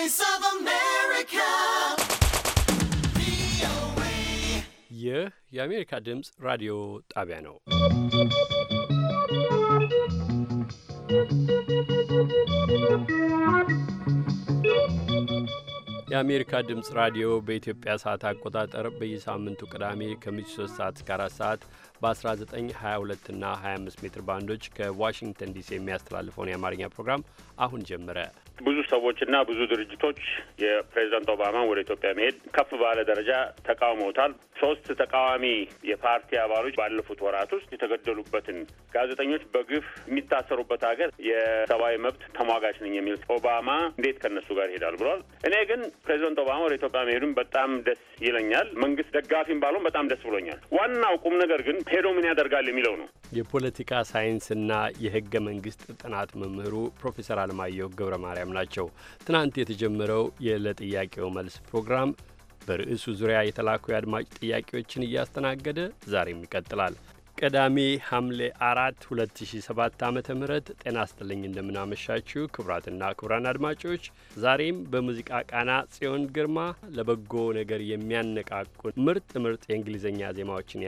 Voice of America. ይህ የአሜሪካ ድምፅ ራዲዮ ጣቢያ ነው። የአሜሪካ ድምፅ ራዲዮ በኢትዮጵያ ሰዓት አቆጣጠር በየሳምንቱ ቅዳሜ ከምሽቱ 3 ሰዓት እስከ 4 ሰዓት በ1922 እና 25 ሜትር ባንዶች ከዋሽንግተን ዲሲ የሚያስተላልፈውን የአማርኛ ፕሮግራም አሁን ጀመረ። ብዙ ሰዎችና ብዙ ድርጅቶች የፕሬዚዳንት ኦባማን ወደ ኢትዮጵያ መሄድ ከፍ ባለ ደረጃ ተቃውመውታል። ሶስት ተቃዋሚ የፓርቲ አባሎች ባለፉት ወራት ውስጥ የተገደሉበትን ጋዜጠኞች በግፍ የሚታሰሩበት ሀገር የሰብአዊ መብት ተሟጋች ነኝ የሚል ኦባማ እንዴት ከነሱ ጋር ይሄዳል ብሏል። እኔ ግን ፕሬዚዳንት ኦባማ ወደ ኢትዮጵያ መሄዱን በጣም ደስ ይለኛል። መንግስት ደጋፊም ባለውም በጣም ደስ ብሎኛል። ዋናው ቁም ነገር ግን ሄዶ ምን ያደርጋል የሚለው ነው። የፖለቲካ ሳይንስና የህገ መንግስት ጥናት መምህሩ ፕሮፌሰር አለማየሁ ገብረ ማርያም ፕሮግራም ናቸው። ትናንት የተጀመረው የለጥያቄው መልስ ፕሮግራም በርዕሱ ዙሪያ የተላኩ የአድማጭ ጥያቄዎችን እያስተናገደ ዛሬም ይቀጥላል። ቅዳሜ ሐምሌ አራት 2007 ዓ ም ጤና ስጥልኝ እንደምናመሻችሁ ክቡራትና ክቡራን አድማጮች ዛሬም በሙዚቃ ቃና ጽዮን ግርማ ለበጎ ነገር የሚያነቃቁ ምርጥ ምርጥ የእንግሊዝኛ ዜማዎችን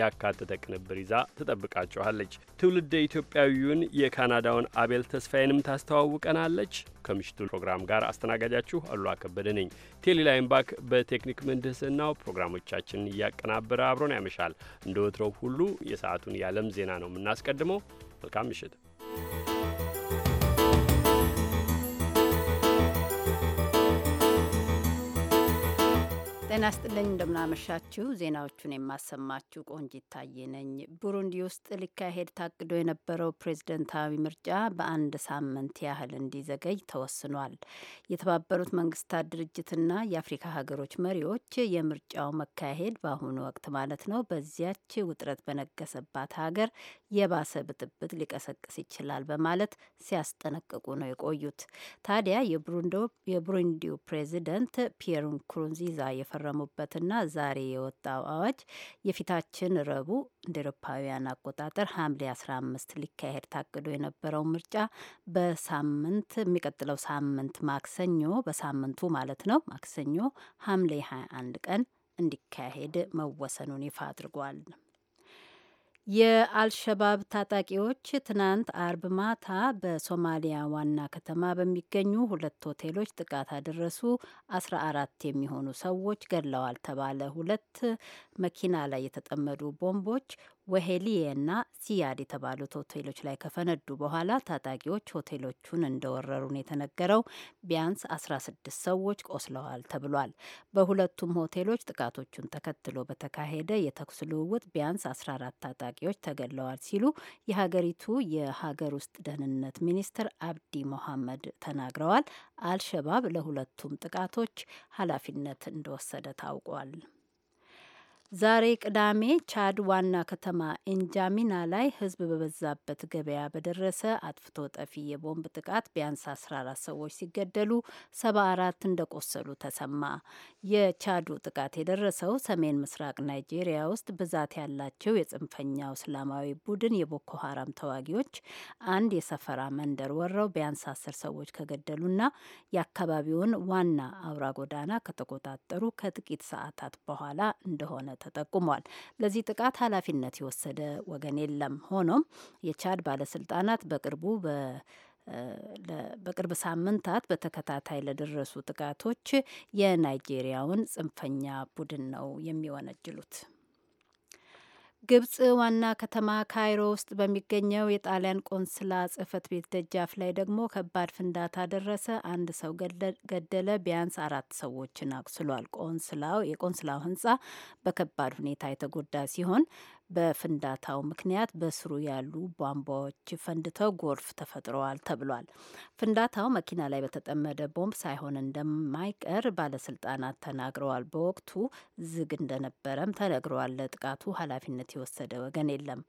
ያካተተ ቅንብር ይዛ ትጠብቃችኋለች። ትውልደ ኢትዮጵያዊውን የካናዳውን አቤል ተስፋዬንም ታስተዋውቀናለች። ከምሽቱ ፕሮግራም ጋር አስተናጋጃችሁ አሉላ ከበደ ነኝ። ቴሌ ላይምባክ በቴክኒክ ምህንድስናው ፕሮግራሞቻችን እያቀናበረ አብሮን ያመሻል። እንደ ወትሮው ሁሉ የሰዓቱን የዓለም ዜና ነው የምናስቀድመው። መልካም ምሽት። ጤና ስጥልኝ እንደምናመሻችሁ። ዜናዎቹን የማሰማችሁ ቆንጂት ታዬ ነኝ። ቡሩንዲ ውስጥ ሊካሄድ ታቅዶ የነበረው ፕሬዝደንታዊ ምርጫ በአንድ ሳምንት ያህል እንዲዘገይ ተወስኗል። የተባበሩት መንግስታት ድርጅትና የአፍሪካ ሀገሮች መሪዎች የምርጫው መካሄድ በአሁኑ ወቅት ማለት ነው በዚያች ውጥረት በነገሰባት ሀገር የባሰ ብጥብጥ ሊቀሰቅስ ይችላል በማለት ሲያስጠነቅቁ ነው የቆዩት። ታዲያ የቡሩንዲው ፕሬዚደንት ፒየር ንኩሩንዚዛ የከረሙበትና ዛሬ የወጣው አዋጅ የፊታችን ረቡዕ እንደ ኤሮፓውያን አቆጣጠር ሐምሌ 15 ሊካሄድ ታቅዶ የነበረው ምርጫ በሳምንት የሚቀጥለው ሳምንት ማክሰኞ በሳምንቱ ማለት ነው ማክሰኞ ሐምሌ 21 ቀን እንዲካሄድ መወሰኑን ይፋ አድርጓል። የአልሸባብ ታጣቂዎች ትናንት አርብ ማታ በሶማሊያ ዋና ከተማ በሚገኙ ሁለት ሆቴሎች ጥቃት አደረሱ። አስራ አራት የሚሆኑ ሰዎች ገድለዋል ተባለ። ሁለት መኪና ላይ የተጠመዱ ቦምቦች ወሄሊዬና ሲያድ የተባሉት ሆቴሎች ላይ ከፈነዱ በኋላ ታጣቂዎች ሆቴሎቹን እንደወረሩን የተነገረው ቢያንስ 16 ሰዎች ቆስለዋል ተብሏል። በሁለቱም ሆቴሎች ጥቃቶቹን ተከትሎ በተካሄደ የተኩስ ልውውጥ ቢያንስ 14 ታጣቂዎች ተገድለዋል ሲሉ የሀገሪቱ የሀገር ውስጥ ደህንነት ሚኒስትር አብዲ ሞሐመድ ተናግረዋል። አልሸባብ ለሁለቱም ጥቃቶች ኃላፊነት እንደወሰደ ታውቋል። ዛሬ ቅዳሜ ቻድ ዋና ከተማ ኢንጃሚና ላይ ህዝብ በበዛበት ገበያ በደረሰ አጥፍቶ ጠፊ የቦምብ ጥቃት ቢያንስ 14 ሰዎች ሲገደሉ 74 እንደቆሰሉ ተሰማ። የቻዱ ጥቃት የደረሰው ሰሜን ምስራቅ ናይጄሪያ ውስጥ ብዛት ያላቸው የጽንፈኛው እስላማዊ ቡድን የቦኮ ሀራም ተዋጊዎች አንድ የሰፈራ መንደር ወረው ቢያንስ 10 ሰዎች ከገደሉና የአካባቢውን ዋና አውራ ጎዳና ከተቆጣጠሩ ከጥቂት ሰዓታት በኋላ እንደሆነ ተጠቁሟል። ለዚህ ጥቃት ኃላፊነት የወሰደ ወገን የለም። ሆኖም የቻድ ባለስልጣናት በቅርቡ በ በቅርብ ሳምንታት በተከታታይ ለደረሱ ጥቃቶች የናይጄሪያውን ጽንፈኛ ቡድን ነው የሚወነጅሉት። ግብጽ ዋና ከተማ ካይሮ ውስጥ በሚገኘው የጣሊያን ቆንስላ ጽህፈት ቤት ደጃፍ ላይ ደግሞ ከባድ ፍንዳታ ደረሰ። አንድ ሰው ገደለ፣ ቢያንስ አራት ሰዎችን አቁስሏል። ቆንስላው የቆንስላው ህንጻ በከባድ ሁኔታ የተጎዳ ሲሆን በፍንዳታው ምክንያት በስሩ ያሉ ቧንቧዎች ፈንድተው ጎርፍ ተፈጥረዋል ተብሏል። ፍንዳታው መኪና ላይ በተጠመደ ቦምብ ሳይሆን እንደማይቀር ባለስልጣናት ተናግረዋል። በወቅቱ ዝግ እንደነበረም ተነግረዋል። ለጥቃቱ ኃላፊነት የወሰደ ወገን የለም።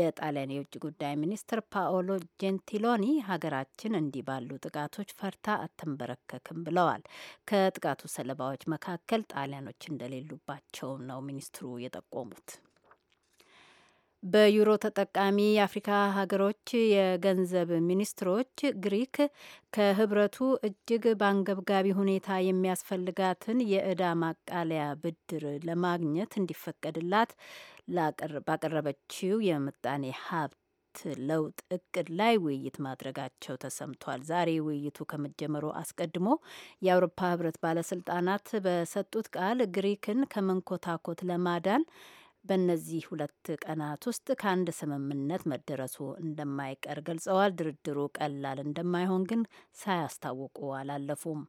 የጣሊያን የውጭ ጉዳይ ሚኒስትር ፓኦሎ ጀንቲሎኒ ሀገራችን እንዲህ ባሉ ጥቃቶች ፈርታ አትንበረከክም ብለዋል። ከጥቃቱ ሰለባዎች መካከል ጣሊያኖች እንደሌሉባቸው ነው ሚኒስትሩ የጠቆሙት። በዩሮ ተጠቃሚ የአፍሪካ ሀገሮች የገንዘብ ሚኒስትሮች ግሪክ ከህብረቱ እጅግ በአንገብጋቢ ሁኔታ የሚያስፈልጋትን የእዳ ማቃለያ ብድር ለማግኘት እንዲፈቀድላት ባቀረበችው የምጣኔ ሀብት ለውጥ እቅድ ላይ ውይይት ማድረጋቸው ተሰምቷል። ዛሬ ውይይቱ ከመጀመሩ አስቀድሞ የአውሮፓ ህብረት ባለስልጣናት በሰጡት ቃል ግሪክን ከመንኮታኮት ለማዳን በእነዚህ ሁለት ቀናት ውስጥ ከአንድ ስምምነት መደረሱ እንደማይቀር ገልጸዋል። ድርድሩ ቀላል እንደማይሆን ግን ሳያስታውቁ አላለፉም።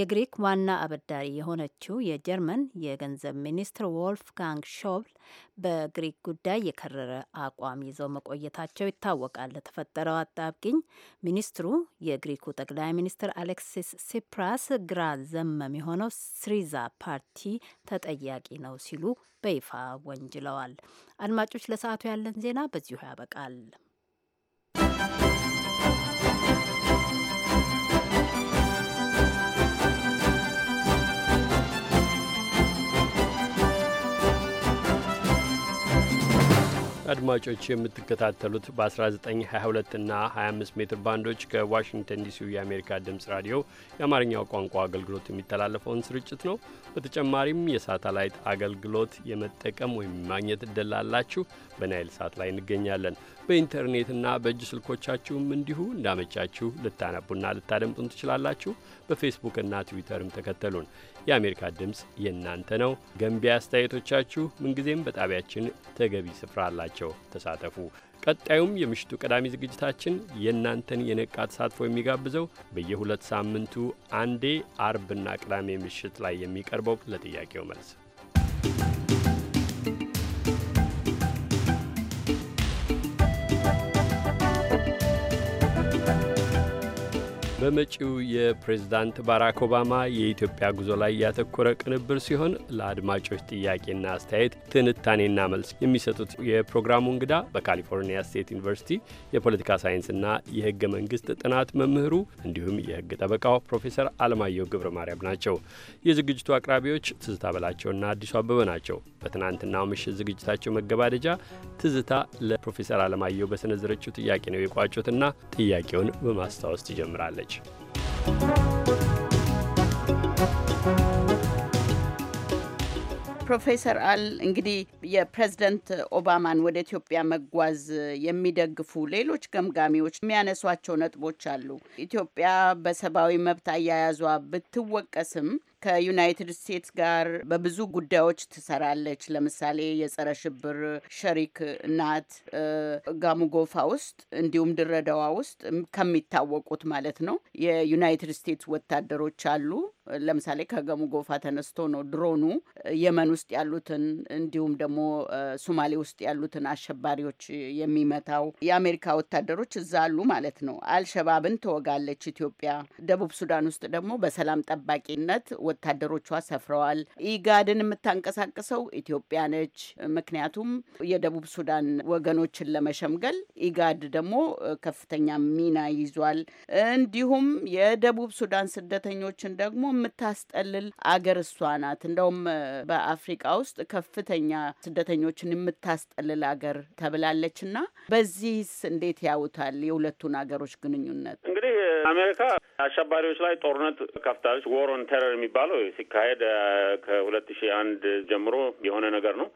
የግሪክ ዋና አበዳሪ የሆነችው የጀርመን የገንዘብ ሚኒስትር ወልፍጋንግ ሾብል በግሪክ ጉዳይ የከረረ አቋም ይዘው መቆየታቸው ይታወቃል። ለተፈጠረው አጣብቂኝ ሚኒስትሩ የግሪኩ ጠቅላይ ሚኒስትር አሌክሲስ ሲፕራስ ግራ ዘመም የሆነው ስሪዛ ፓርቲ ተጠያቂ ነው ሲሉ በይፋ ወንጅለዋል። አድማጮች፣ ለሰዓቱ ያለን ዜና በዚሁ ያበቃል። አድማጮች የምትከታተሉት በ1922 እና 25 ሜትር ባንዶች ከዋሽንግተን ዲሲው የአሜሪካ ድምፅ ራዲዮ የአማርኛው ቋንቋ አገልግሎት የሚተላለፈውን ስርጭት ነው። በተጨማሪም የሳተላይት አገልግሎት የመጠቀም ወይም ማግኘት እደላላችሁ በናይል ሳት ላይ እንገኛለን። በኢንተርኔትና በእጅ ስልኮቻችሁም እንዲሁ እንዳመቻችሁ ልታነቡና ልታደምጡን ትችላላችሁ። በፌስቡክና ትዊተርም ተከተሉን። የአሜሪካ ድምፅ የእናንተ ነው። ገንቢ አስተያየቶቻችሁ ምንጊዜም በጣቢያችን ተገቢ ስፍራ አላቸው። ተሳተፉ። ቀጣዩም የምሽቱ ቀዳሚ ዝግጅታችን የእናንተን የነቃ ተሳትፎ የሚጋብዘው በየሁለት ሳምንቱ አንዴ አርብና ቅዳሜ ምሽት ላይ የሚቀርበው ለጥያቄው መልስ በመጪው የፕሬዝዳንት ባራክ ኦባማ የኢትዮጵያ ጉዞ ላይ ያተኮረ ቅንብር ሲሆን ለአድማጮች ጥያቄና አስተያየት ትንታኔና መልስ የሚሰጡት የፕሮግራሙ እንግዳ በካሊፎርኒያ ስቴት ዩኒቨርሲቲ የፖለቲካ ሳይንስና የሕገ መንግስት ጥናት መምህሩ እንዲሁም የሕግ ጠበቃው ፕሮፌሰር አለማየሁ ገብረ ማርያም ናቸው። የዝግጅቱ አቅራቢዎች ትዝታ በላቸውና አዲሱ አበበ ናቸው። በትናንትናው ምሽት ዝግጅታቸው መገባደጃ ትዝታ ለፕሮፌሰር አለማየሁ በሰነዘረችው ጥያቄ ነው የቋጩትና ጥያቄውን በማስታወስ ትጀምራለች። ትችላለች። ፕሮፌሰር አል እንግዲህ የፕሬዝደንት ኦባማን ወደ ኢትዮጵያ መጓዝ የሚደግፉ ሌሎች ገምጋሚዎች የሚያነሷቸው ነጥቦች አሉ። ኢትዮጵያ በሰብአዊ መብት አያያዟ ብትወቀስም ከዩናይትድ ስቴትስ ጋር በብዙ ጉዳዮች ትሰራለች። ለምሳሌ የጸረ ሽብር ሸሪክ ናት ጋሙጎፋ ውስጥ እንዲሁም ድረዳዋ ውስጥ ከሚታወቁት ማለት ነው የዩናይትድ ስቴትስ ወታደሮች አሉ። ለምሳሌ ከገሙ ጎፋ ተነስቶ ነው ድሮኑ የመን ውስጥ ያሉትን እንዲሁም ደግሞ ሶማሌ ውስጥ ያሉትን አሸባሪዎች የሚመታው። የአሜሪካ ወታደሮች እዛ አሉ ማለት ነው። አልሸባብን ትወጋለች ኢትዮጵያ። ደቡብ ሱዳን ውስጥ ደግሞ በሰላም ጠባቂነት ወታደሮቿ ሰፍረዋል። ኢጋድን የምታንቀሳቅሰው ኢትዮጵያ ነች። ምክንያቱም የደቡብ ሱዳን ወገኖችን ለመሸምገል ኢጋድ ደግሞ ከፍተኛ ሚና ይዟል። እንዲሁም የደቡብ ሱዳን ስደተኞችን ደግሞ የምታስጠልል አገር እሷ ናት። እንደውም በአፍሪቃ ውስጥ ከፍተኛ ስደተኞችን የምታስጠልል አገር ተብላለች። እና በዚህስ እንዴት ያውታል የሁለቱን አገሮች ግንኙነት? እንግዲህ አሜሪካ አሸባሪዎች ላይ ጦርነት ከፍታለች። ወር ኦን ቴረር የሚባለው ሲካሄድ ከሁለት ሺህ አንድ ጀምሮ የሆነ ነገር ነው።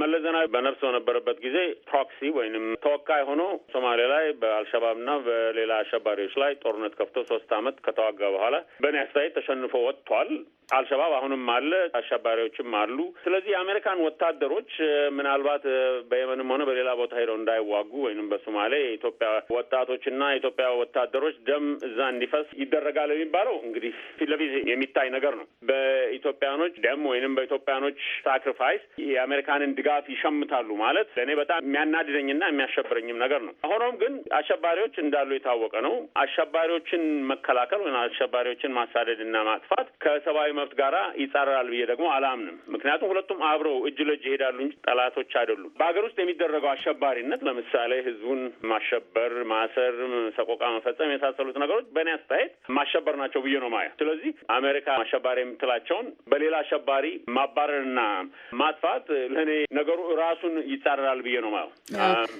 መለስ ዜናዊ በነፍስ በነበረበት ጊዜ ፕሮክሲ ወይንም ተወካይ ሆኖ ሶማሌ ላይ በአልሸባብና በሌላ አሸባሪዎች ላይ ጦርነት ከፍቶ ሶስት አመት ከተዋጋ በኋላ በእኔ አስተያየት ተሸንፎ ወጥቷል። አልሸባብ አሁንም አለ፣ አሸባሪዎችም አሉ። ስለዚህ የአሜሪካን ወታደሮች ምናልባት በየመንም ሆነ በሌላ ቦታ ሄደው እንዳይዋጉ ወይም በሶማሌ የኢትዮጵያ ወጣቶችና የኢትዮጵያ ወታደሮች ደም እዛ እንዲፈስ ይደረጋል የሚባለው እንግዲህ ፊት ለፊት የሚታይ ነገር ነው። በኢትዮጵያኖች ደም ወይንም በኢትዮጵያኖች ሳክሪፋይስ የአሜሪካንን ድጋፍ ይሸምታሉ ማለት ለእኔ በጣም የሚያናድደኝና የሚያሸብረኝም ነገር ነው። ሆኖም ግን አሸባሪዎች እንዳሉ የታወቀ ነው። አሸባሪዎችን መከላከል ወይም አሸባሪዎችን ማሳደድ እና ማጥፋት ከሰብአዊ መብት ጋራ ይጻረራል ብዬ ደግሞ አላምንም። ምክንያቱም ሁለቱም አብረው እጅ ለእጅ ይሄዳሉ እንጂ ጠላቶች አይደሉም። በሀገር ውስጥ የሚደረገው አሸባሪነት ለምሳሌ ህዝቡን ማሸበር፣ ማሰር፣ ሰቆቃ መፈጸም የመሳሰሉት ነገሮች በእኔ አስተያየት ማሸበር ናቸው ብዬ ነው ማየው። ስለዚህ አሜሪካ አሸባሪ የምትላቸውን በሌላ አሸባሪ ማባረርና ማጥፋት ለእኔ ነገሩ ራሱን ይጻረራል ብዬ ነው ማየው።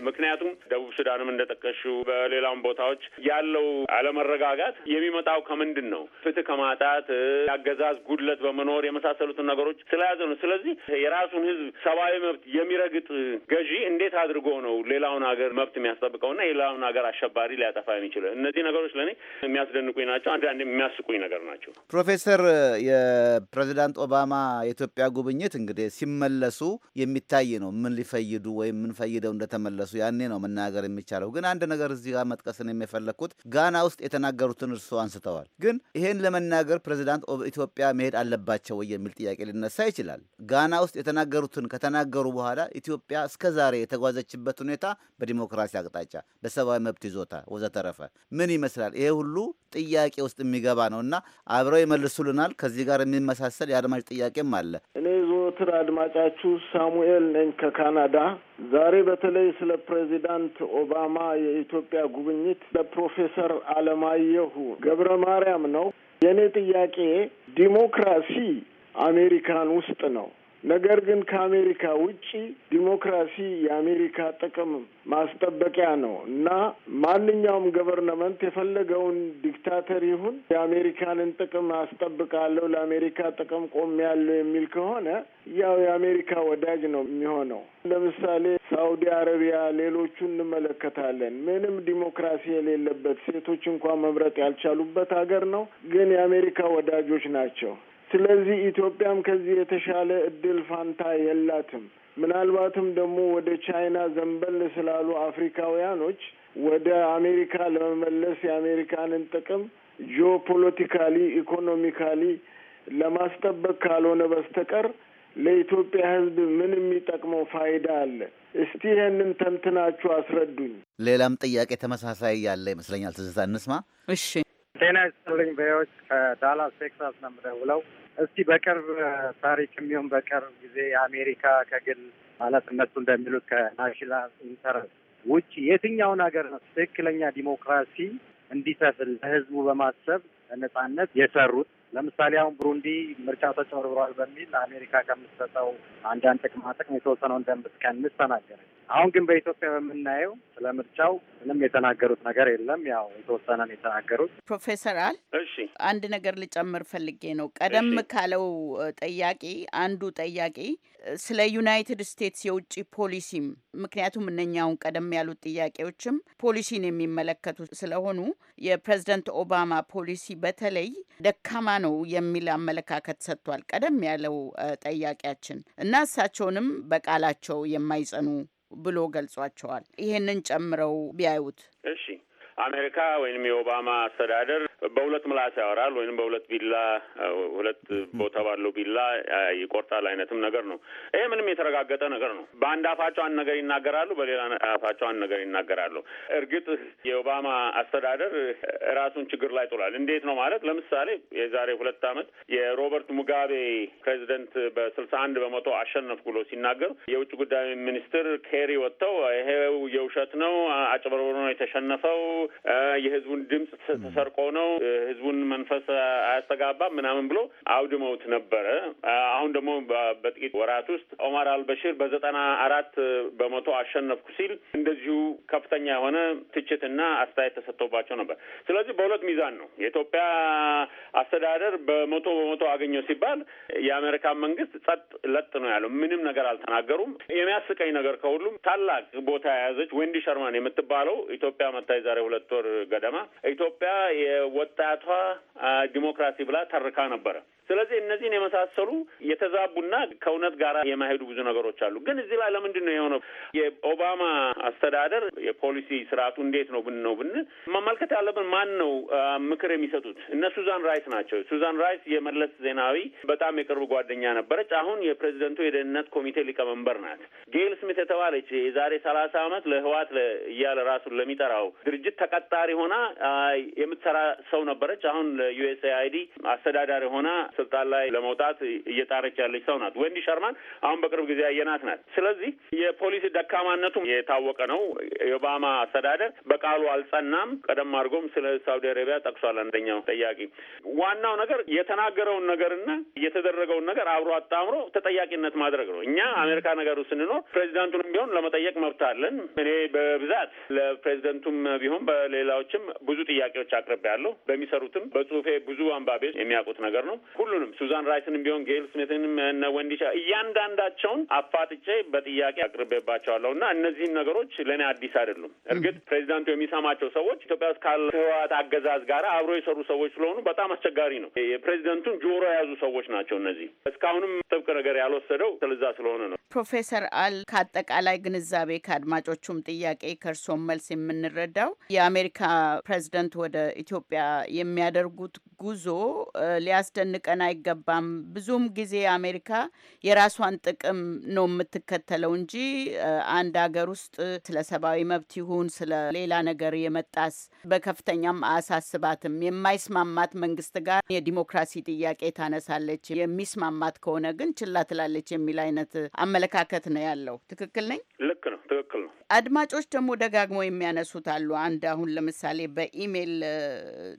ምክንያቱም ደቡብ ሱዳንም እንደጠቀሽው በሌላም ቦታዎች ያለው አለመረጋጋት የሚመጣው ከምንድን ነው? ፍትህ ከማጣት ያገዛዝ ጉድለት በመኖር የመሳሰሉትን ነገሮች ስለያዘ ነው። ስለዚህ የራሱን ህዝብ ሰብአዊ መብት የሚረግጥ ገዢ እንዴት አድርጎ ነው ሌላውን ሀገር መብት የሚያስጠብቀውና ሌላውን ሀገር አሸባሪ ሊያጠፋ የሚችል? እነዚህ ነገሮች ለእኔ የሚያስደንቁኝ ናቸው። አንዳንድ የሚያስቁኝ ነገር ናቸው። ፕሮፌሰር የፕሬዚዳንት ኦባማ የኢትዮጵያ ጉብኝት እንግዲህ ሲመለሱ የሚታይ ነው። ምን ሊፈይዱ ወይም ምን ፈይደው እንደተመለሱ ያኔ ነው መናገር የሚቻለው። ግን አንድ ነገር እዚህ ጋር መጥቀስን የሚፈለግኩት ጋና ውስጥ የተናገሩትን እርስዎ አንስተዋል። ግን ይሄን ለመናገር ፕሬዚዳንት ኢትዮጵያ መሄድ አለባቸው ወይ የሚል ጥያቄ ሊነሳ ይችላል። ጋና ውስጥ የተናገሩትን ከተናገሩ በኋላ ኢትዮጵያ እስከ ዛሬ የተጓዘችበት ሁኔታ በዲሞክራሲ አቅጣጫ፣ በሰብአዊ መብት ይዞታ ወዘተረፈ ምን ይመስላል? ይሄ ሁሉ ጥያቄ ውስጥ የሚገባ ነው እና አብረው ይመልሱልናል። ከዚህ ጋር የሚመሳሰል የአድማጭ ጥያቄም አለ። እኔ ዞትር አድማጫችሁ ሳሙኤል ነኝ ከካናዳ። ዛሬ በተለይ ስለ ፕሬዚዳንት ኦባማ የኢትዮጵያ ጉብኝት ለፕሮፌሰር አለማየሁ ገብረ ማርያም ነው የእኔ ጥያቄ ዲሞክራሲ አሜሪካን ውስጥ ነው ነገር ግን ከአሜሪካ ውጪ ዲሞክራሲ የአሜሪካ ጥቅም ማስጠበቂያ ነው እና ማንኛውም ገቨርነመንት የፈለገውን ዲክታተር ይሁን የአሜሪካንን ጥቅም አስጠብቃለሁ፣ ለአሜሪካ ጥቅም ቆሜያለሁ የሚል ከሆነ ያው የአሜሪካ ወዳጅ ነው የሚሆነው። ለምሳሌ ሳውዲ አረቢያ፣ ሌሎቹ እንመለከታለን። ምንም ዲሞክራሲ የሌለበት ሴቶች እንኳን መምረጥ ያልቻሉበት ሀገር ነው፣ ግን የአሜሪካ ወዳጆች ናቸው። ስለዚህ ኢትዮጵያም ከዚህ የተሻለ እድል ፋንታ የላትም። ምናልባትም ደግሞ ወደ ቻይና ዘንበል ስላሉ አፍሪካውያኖች ወደ አሜሪካ ለመመለስ የአሜሪካንን ጥቅም ጂኦፖለቲካሊ፣ ኢኮኖሚካሊ ለማስጠበቅ ካልሆነ በስተቀር ለኢትዮጵያ ሕዝብ ምን የሚጠቅመው ፋይዳ አለ? እስቲ ይህንን ተንትናችሁ አስረዱኝ። ሌላም ጥያቄ ተመሳሳይ ያለ ይመስለኛል። ትዝታ እንስማ። እሺ ጤና ይስጥልኝ ቪዎች ከዳላስ ቴክሳስ ነው የምደውለው። እስቲ በቅርብ ታሪክ የሚሆን በቅርብ ጊዜ የአሜሪካ ከግል ማለት እነሱ እንደሚሉት ከናሽናል ኢንተረስት ውጭ የትኛውን ሀገር ነው ትክክለኛ ዲሞክራሲ እንዲሰፍል ለህዝቡ በማሰብ ነጻነት የሰሩት? ለምሳሌ አሁን ብሩንዲ ምርጫ ተጭበርብሯል በሚል አሜሪካ ከምትሰጠው አንዳንድ ጥቅማ ጥቅም የተወሰነውን እንደምትቀንስ ተናገረች። አሁን ግን በኢትዮጵያ በምናየው ስለ ምርጫው ምንም የተናገሩት ነገር የለም። ያው የተወሰነን የተናገሩት ፕሮፌሰር አል እሺ፣ አንድ ነገር ልጨምር ፈልጌ ነው። ቀደም ካለው ጠያቂ አንዱ ጠያቂ ስለ ዩናይትድ ስቴትስ የውጭ ፖሊሲም ምክንያቱም እነኛውን ቀደም ያሉት ጥያቄዎችም ፖሊሲን የሚመለከቱ ስለሆኑ የፕሬዝደንት ኦባማ ፖሊሲ በተለይ ደካማ ነው የሚል አመለካከት ሰጥቷል ቀደም ያለው ጠያቂያችን እና እሳቸውንም በቃላቸው የማይጸኑ ብሎ ገልጿቸዋል። ይህንን ጨምረው ቢያዩት እሺ አሜሪካ ወይም የኦባማ አስተዳደር በሁለት ምላስ ያወራል ወይም በሁለት ቢላ ሁለት ቦታ ባለው ቢላ ይቆርጣል አይነትም ነገር ነው። ይሄ ምንም የተረጋገጠ ነገር ነው። በአንድ አፋቸው አንድ ነገር ይናገራሉ፣ በሌላ አፋቸው አንድ ነገር ይናገራሉ። እርግጥ የኦባማ አስተዳደር ራሱን ችግር ላይ ጥሏል። እንዴት ነው ማለት ለምሳሌ የዛሬ ሁለት ዓመት የሮበርት ሙጋቤ ፕሬዚደንት በስልሳ አንድ በመቶ አሸነፍ ብሎ ሲናገር የውጭ ጉዳይ ሚኒስትር ኬሪ ወጥተው ይሄው የውሸት ነው፣ አጭበርብሮ ነው የተሸነፈው የህዝቡን ድምፅ ተሰርቆ ነው፣ ህዝቡን መንፈስ አያስተጋባ ምናምን ብሎ አውድመውት ነበረ። አሁን ደግሞ በጥቂት ወራት ውስጥ ኦማር አልበሽር በዘጠና አራት በመቶ አሸነፍኩ ሲል እንደዚሁ ከፍተኛ የሆነ ትችትና አስተያየት ተሰጥቶባቸው ነበር። ስለዚህ በሁለት ሚዛን ነው የኢትዮጵያ አስተዳደር በመቶ በመቶ አገኘው ሲባል የአሜሪካን መንግስት ጸጥ ለጥ ነው ያለው። ምንም ነገር አልተናገሩም። የሚያስቀኝ ነገር ከሁሉም ታላቅ ቦታ የያዘች ወንዲ ሸርማን የምትባለው ኢትዮጵያ መታይ ዛሬ ሁለት ሁለት ወር ገደማ ኢትዮጵያ የወጣቷ ዲሞክራሲ ብላ ተርካ ነበረ። ስለዚህ እነዚህን የመሳሰሉ የተዛቡና ከእውነት ጋር የማሄዱ ብዙ ነገሮች አሉ። ግን እዚህ ላይ ለምንድን ነው የሆነው? የኦባማ አስተዳደር የፖሊሲ ስርዓቱ እንዴት ነው ብን ነው ብን መመልከት ያለብን ማን ነው ምክር የሚሰጡት? እነ ሱዛን ራይስ ናቸው። ሱዛን ራይስ የመለስ ዜናዊ በጣም የቅርብ ጓደኛ ነበረች። አሁን የፕሬዚደንቱ የደህንነት ኮሚቴ ሊቀመንበር ናት። ጌል ስሚት የተባለች የዛሬ ሰላሳ ዓመት ለህዋት እያለ ራሱን ለሚጠራው ድርጅት ተቀጣሪ ሆና የምትሰራ ሰው ነበረች። አሁን ለዩኤስ አይዲ አስተዳዳሪ ሆና ስልጣን ላይ ለመውጣት እየጣረች ያለች ሰው ናት። ወንዲ ሸርማን አሁን በቅርብ ጊዜ ያየናት ናት። ስለዚህ የፖሊሲ ደካማነቱ የታወቀ ነው። የኦባማ አስተዳደር በቃሉ አልጸናም። ቀደም አድርጎም ስለ ሳውዲ አረቢያ ጠቅሷል። አንደኛው ጠያቂ ዋናው ነገር የተናገረውን ነገርና የተደረገውን ነገር አብሮ አጣምሮ ተጠያቂነት ማድረግ ነው። እኛ አሜሪካ ነገሩ ስንኖር ፕሬዚዳንቱንም ቢሆን ለመጠየቅ መብት አለን። እኔ በብዛት ለፕሬዚደንቱም ቢሆን በሌላዎችም ብዙ ጥያቄዎች አቅርቤያለሁ። በሚሰሩትም በጽሁፌ ብዙ አንባቢዎች የሚያውቁት ነገር ነው። ሁሉንም ሱዛን ራይስንም ቢሆን ጌል ስሜትንም እነ ወንዲሻ እያንዳንዳቸውን አፋጥጬ በጥያቄ አቅርቤባቸዋለሁ እና እነዚህም ነገሮች ለእኔ አዲስ አይደሉም። እርግጥ ፕሬዚዳንቱ የሚሰማቸው ሰዎች ኢትዮጵያ ውስጥ ካለ ህወሓት አገዛዝ ጋር አብሮ የሰሩ ሰዎች ስለሆኑ በጣም አስቸጋሪ ነው። የፕሬዚደንቱን ጆሮ የያዙ ሰዎች ናቸው እነዚህ። እስካሁንም ጥብቅ ነገር ያልወሰደው ስለዛ ስለሆነ ነው። ፕሮፌሰር አል ከአጠቃላይ ግንዛቤ ከአድማጮቹም ጥያቄ ከእርሶም መልስ የምንረዳው የአሜሪካ ፕሬዚደንት ወደ ኢትዮጵያ የሚያደርጉት ጉዞ ሊያስደንቀን አይገባም። ብዙም ጊዜ አሜሪካ የራሷን ጥቅም ነው የምትከተለው እንጂ አንድ ሀገር ውስጥ ስለ ሰብአዊ መብት ይሁን ስለ ሌላ ነገር የመጣስ በከፍተኛም አያሳስባትም። የማይስማማት መንግስት ጋር የዲሞክራሲ ጥያቄ ታነሳለች፣ የሚስማማት ከሆነ ግን ችላ ትላለች የሚል አይነት አመለካከት ነው ያለው። ትክክል ነኝ? ልክ ነው። ትክክል ነው። አድማጮች ደግሞ ደጋግሞ የሚያነሱት አሉ። አንድ አሁን ለምሳሌ በኢሜይል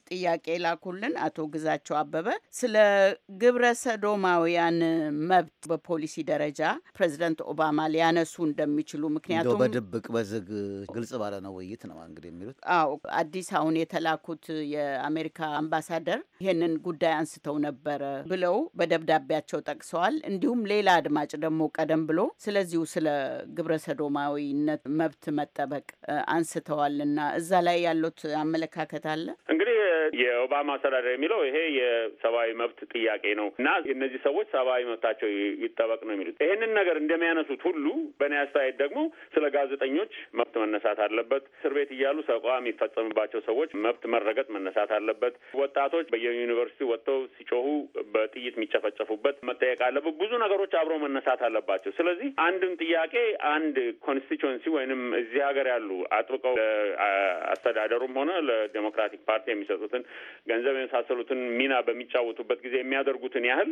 ጥያቄ ላኩልን አቶ ግዛቸው አበበ ስለ ግብረ ሰዶማውያን መብት በፖሊሲ ደረጃ ፕሬዚደንት ኦባማ ሊያነሱ እንደሚችሉ ምክንያቱም በድብቅ በዝግ ግልጽ ባለ ነው ውይይት ነው እንግዲህ የሚሉት። አዎ አዲስ አሁን የተላኩት የአሜሪካ አምባሳደር ይህንን ጉዳይ አንስተው ነበረ ብለው በደብዳቤያቸው ጠቅሰዋል። እንዲሁም ሌላ አድማጭ ደግሞ ቀደም ብሎ ስለዚሁ ስለ ግብረ ሰዶማዊነት መብት መጠበቅ አንስተዋልና እዛ ላይ ያሉት አመለካከት አለ? እንግዲህ የኦባማ አስተዳደር የሚለው ይሄ የሰብአዊ መብት ጥያቄ ነው እና እነዚህ ሰዎች ሰብአዊ መብታቸው ይጠበቅ ነው የሚሉት ይሄንን ነገር እንደሚያነሱት ሁሉ በእኔ አስተያየት ደግሞ ስለ ጋዜጠኞች መብት መነሳት አለበት። እስር ቤት እያሉ ሰቆቃ የሚፈጸምባቸው ሰዎች መብት መረገጥ መነሳት አለበት። ወጣቶች በየዩኒቨርሲቲ ወጥተው ሲጮሁ በጥይት የሚጨፈጨፉበት መጠየቅ አለበት። ብዙ ነገሮች አብረው መነሳት አለባቸው። ስለዚህ አንድም ጥያቄ አንድ ኮንስቲቹዌንሲ ወይንም እዚህ ሀገር ያሉ አጥብቀው አስተዳደሩም ሆነ ለዴሞክራቲክ ፓርቲ የሚሰጡትን ገንዘብ የመሳሰሉትን ሚና በሚጫወቱበት ጊዜ የሚያደርጉትን ያህል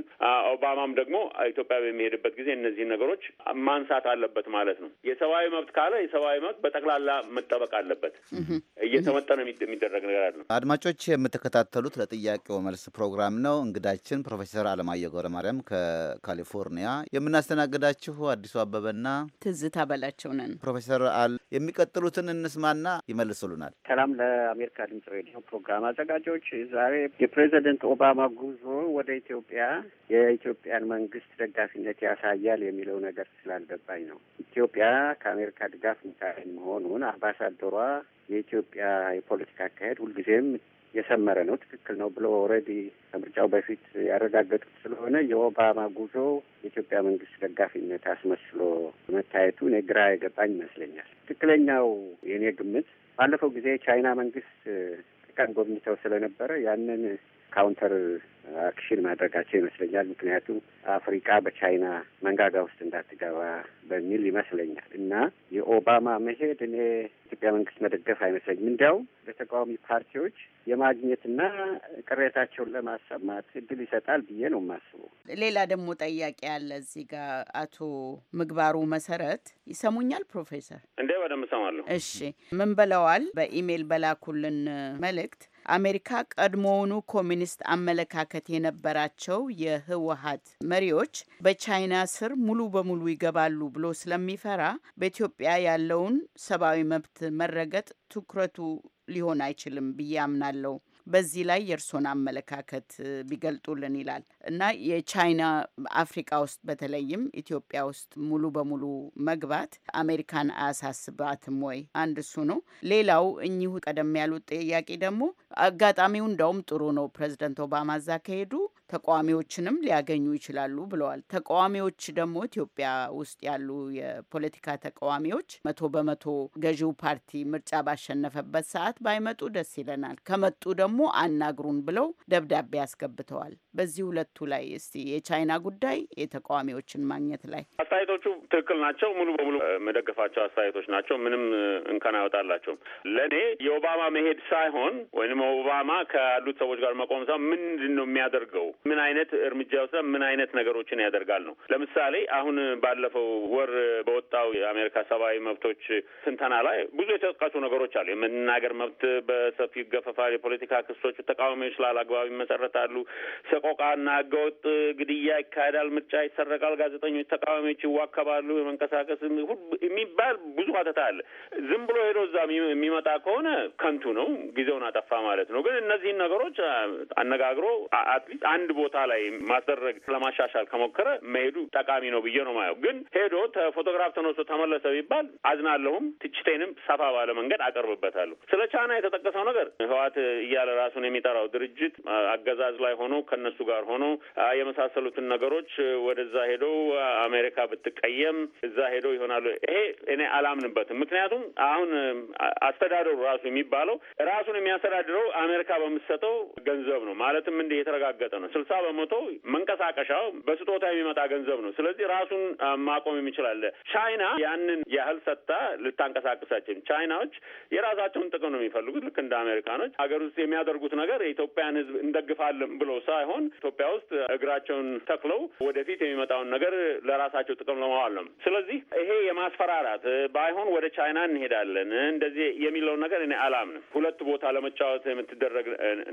ኦባማም ደግሞ ኢትዮጵያ በሚሄድበት ጊዜ እነዚህን ነገሮች ማንሳት አለበት ማለት ነው። የሰብአዊ መብት ካለ የሰብአዊ መብት በጠቅላላ መጠበቅ አለበት። እየተመጠነ የሚደረግ ነገር አለ። አድማጮች የምትከታተሉት ለጥያቄው መልስ ፕሮግራም ነው። እንግዳችን ፕሮፌሰር አለማየሁ ገብረማርያም ከካሊፎርኒያ የምናስተናግዳችሁ አዲሱ አበበና ትዝታ በላቸው ነን። ፕሮፌሰር አል የሚቀጥሉትን እንስማና ይመልሱልናል። ይሆናል። ሰላም ለአሜሪካ ድምጽ ሬዲዮ ፕሮግራም አዘጋጆች። ዛሬ የፕሬዚደንት ኦባማ ጉዞ ወደ ኢትዮጵያ የኢትዮጵያን መንግስት ደጋፊነት ያሳያል የሚለው ነገር ስላልገባኝ ነው። ኢትዮጵያ ከአሜሪካ ድጋፍ ምታይ መሆኑን አምባሳደሯ የኢትዮጵያ የፖለቲካ አካሄድ ሁልጊዜም የሰመረ ነው፣ ትክክል ነው ብሎ ኦልሬዲ ከምርጫው በፊት ያረጋገጡት ስለሆነ የኦባማ ጉዞ የኢትዮጵያ መንግስት ደጋፊነት አስመስሎ መታየቱ እኔ ግራ የገባኝ ይመስለኛል። ትክክለኛው የእኔ ግምት ባለፈው ጊዜ ቻይና መንግስት ቀን ጎብኝተው ስለነበረ ያንን ካውንተር አክሽን ማድረጋቸው ይመስለኛል። ምክንያቱም አፍሪካ በቻይና መንጋጋ ውስጥ እንዳትገባ በሚል ይመስለኛል እና የኦባማ መሄድ እኔ ኢትዮጵያ መንግስት መደገፍ አይመስለኝም። እንዲያውም ለተቃዋሚ ፓርቲዎች የማግኘትና ቅሬታቸውን ለማሰማት እድል ይሰጣል ብዬ ነው የማስበው። ሌላ ደግሞ ጠያቂ አለ እዚህ ጋር አቶ ምግባሩ መሰረት ይሰሙኛል? ፕሮፌሰር እንዴ፣ በደንብ እሰማለሁ። እሺ ምን ብለዋል? በኢሜይል በላኩልን መልእክት አሜሪካ ቀድሞውኑ ኮሚኒስት አመለካከት የነበራቸው የህወሀት መሪዎች በቻይና ስር ሙሉ በሙሉ ይገባሉ ብሎ ስለሚፈራ በኢትዮጵያ ያለውን ሰብአዊ መብት መረገጥ ትኩረቱ ሊሆን አይችልም ብዬ አምናለሁ። በዚህ ላይ የእርሶን አመለካከት ቢገልጡልን ይላል እና የቻይና አፍሪካ ውስጥ በተለይም ኢትዮጵያ ውስጥ ሙሉ በሙሉ መግባት አሜሪካን አያሳስባትም ወይ? አንድ እሱ ነው። ሌላው እኚሁ ቀደም ያሉት ጥያቄ ደግሞ አጋጣሚው እንደውም ጥሩ ነው። ፕሬዚደንት ኦባማ እዛ ከሄዱ ተቃዋሚዎችንም ሊያገኙ ይችላሉ ብለዋል። ተቃዋሚዎች ደግሞ ኢትዮጵያ ውስጥ ያሉ የፖለቲካ ተቃዋሚዎች መቶ በመቶ ገዢው ፓርቲ ምርጫ ባሸነፈበት ሰዓት ባይመጡ ደስ ይለናል፣ ከመጡ ደግሞ አናግሩን ብለው ደብዳቤ አስገብተዋል። በዚህ ሁለቱ ላይ እስቲ የቻይና ጉዳይ የተቃዋሚዎችን ማግኘት ላይ አስተያየቶቹ ትክክል ናቸው። ሙሉ በሙሉ መደገፋቸው አስተያየቶች ናቸው። ምንም እንከን አይወጣላቸውም። ለእኔ የኦባማ መሄድ ሳይሆን ወይም ኦባማ ከያሉት ሰዎች ጋር መቆም ሳይሆን ምንድን ነው የሚያደርገው ምን አይነት እርምጃ ወስዳ ምን አይነት ነገሮችን ያደርጋል ነው። ለምሳሌ አሁን ባለፈው ወር በወጣው የአሜሪካ ሰብአዊ መብቶች ስንተና ላይ ብዙ የተጠቀሱ ነገሮች አሉ። የመናገር መብት በሰፊው ይገፈፋል። የፖለቲካ ክሶች፣ ተቃዋሚዎች ላለ አግባብ ይመሰረታሉ። ሰቆቃና ህገወጥ ግድያ ይካሄዳል። ምርጫ ይሰረቃል። ጋዜጠኞች፣ ተቃዋሚዎች ይዋከባሉ። የመንቀሳቀስ የሚባል ብዙ አተታ አለ። ዝም ብሎ ሄዶ እዛ የሚመጣ ከሆነ ከንቱ ነው፣ ጊዜውን አጠፋ ማለት ነው። ግን እነዚህን ነገሮች አነጋግሮ አትሊስት አንድ አንድ ቦታ ላይ ማስደረግ ለማሻሻል ከሞከረ መሄዱ ጠቃሚ ነው ብዬ ነው ማየው። ግን ሄዶ ፎቶግራፍ ተነስቶ ተመለሰ ቢባል አዝናለሁም፣ ትችቴንም ሰፋ ባለ መንገድ አቀርብበታለሁ። ስለ ቻይና የተጠቀሰው ነገር ህወሓት እያለ ራሱን የሚጠራው ድርጅት አገዛዝ ላይ ሆኖ ከነሱ ጋር ሆኖ የመሳሰሉትን ነገሮች ወደዛ ሄደው አሜሪካ ብትቀየም እዛ ሄደው ይሆናሉ። ይሄ እኔ አላምንበትም። ምክንያቱም አሁን አስተዳደሩ ራሱ የሚባለው ራሱን የሚያስተዳድረው አሜሪካ በምትሰጠው ገንዘብ ነው። ማለትም እንዲህ የተረጋገጠ ነው። ስልሳ በመቶ መንቀሳቀሻው በስጦታ የሚመጣ ገንዘብ ነው። ስለዚህ ራሱን ማቆም የሚችላለ ቻይና ያንን ያህል ሰጥታ ልታንቀሳቅሳችን። ቻይናዎች የራሳቸውን ጥቅም ነው የሚፈልጉት። ልክ እንደ አሜሪካኖች ሀገር ውስጥ የሚያደርጉት ነገር የኢትዮጵያን ሕዝብ እንደግፋለን ብሎ ሳይሆን ኢትዮጵያ ውስጥ እግራቸውን ተክለው ወደፊት የሚመጣውን ነገር ለራሳቸው ጥቅም ለማዋል ነው። ስለዚህ ይሄ የማስፈራራት ባይሆን ወደ ቻይና እንሄዳለን እንደዚህ የሚለውን ነገር እኔ አላምንም። ሁለት ቦታ ለመጫወት የምትደረግ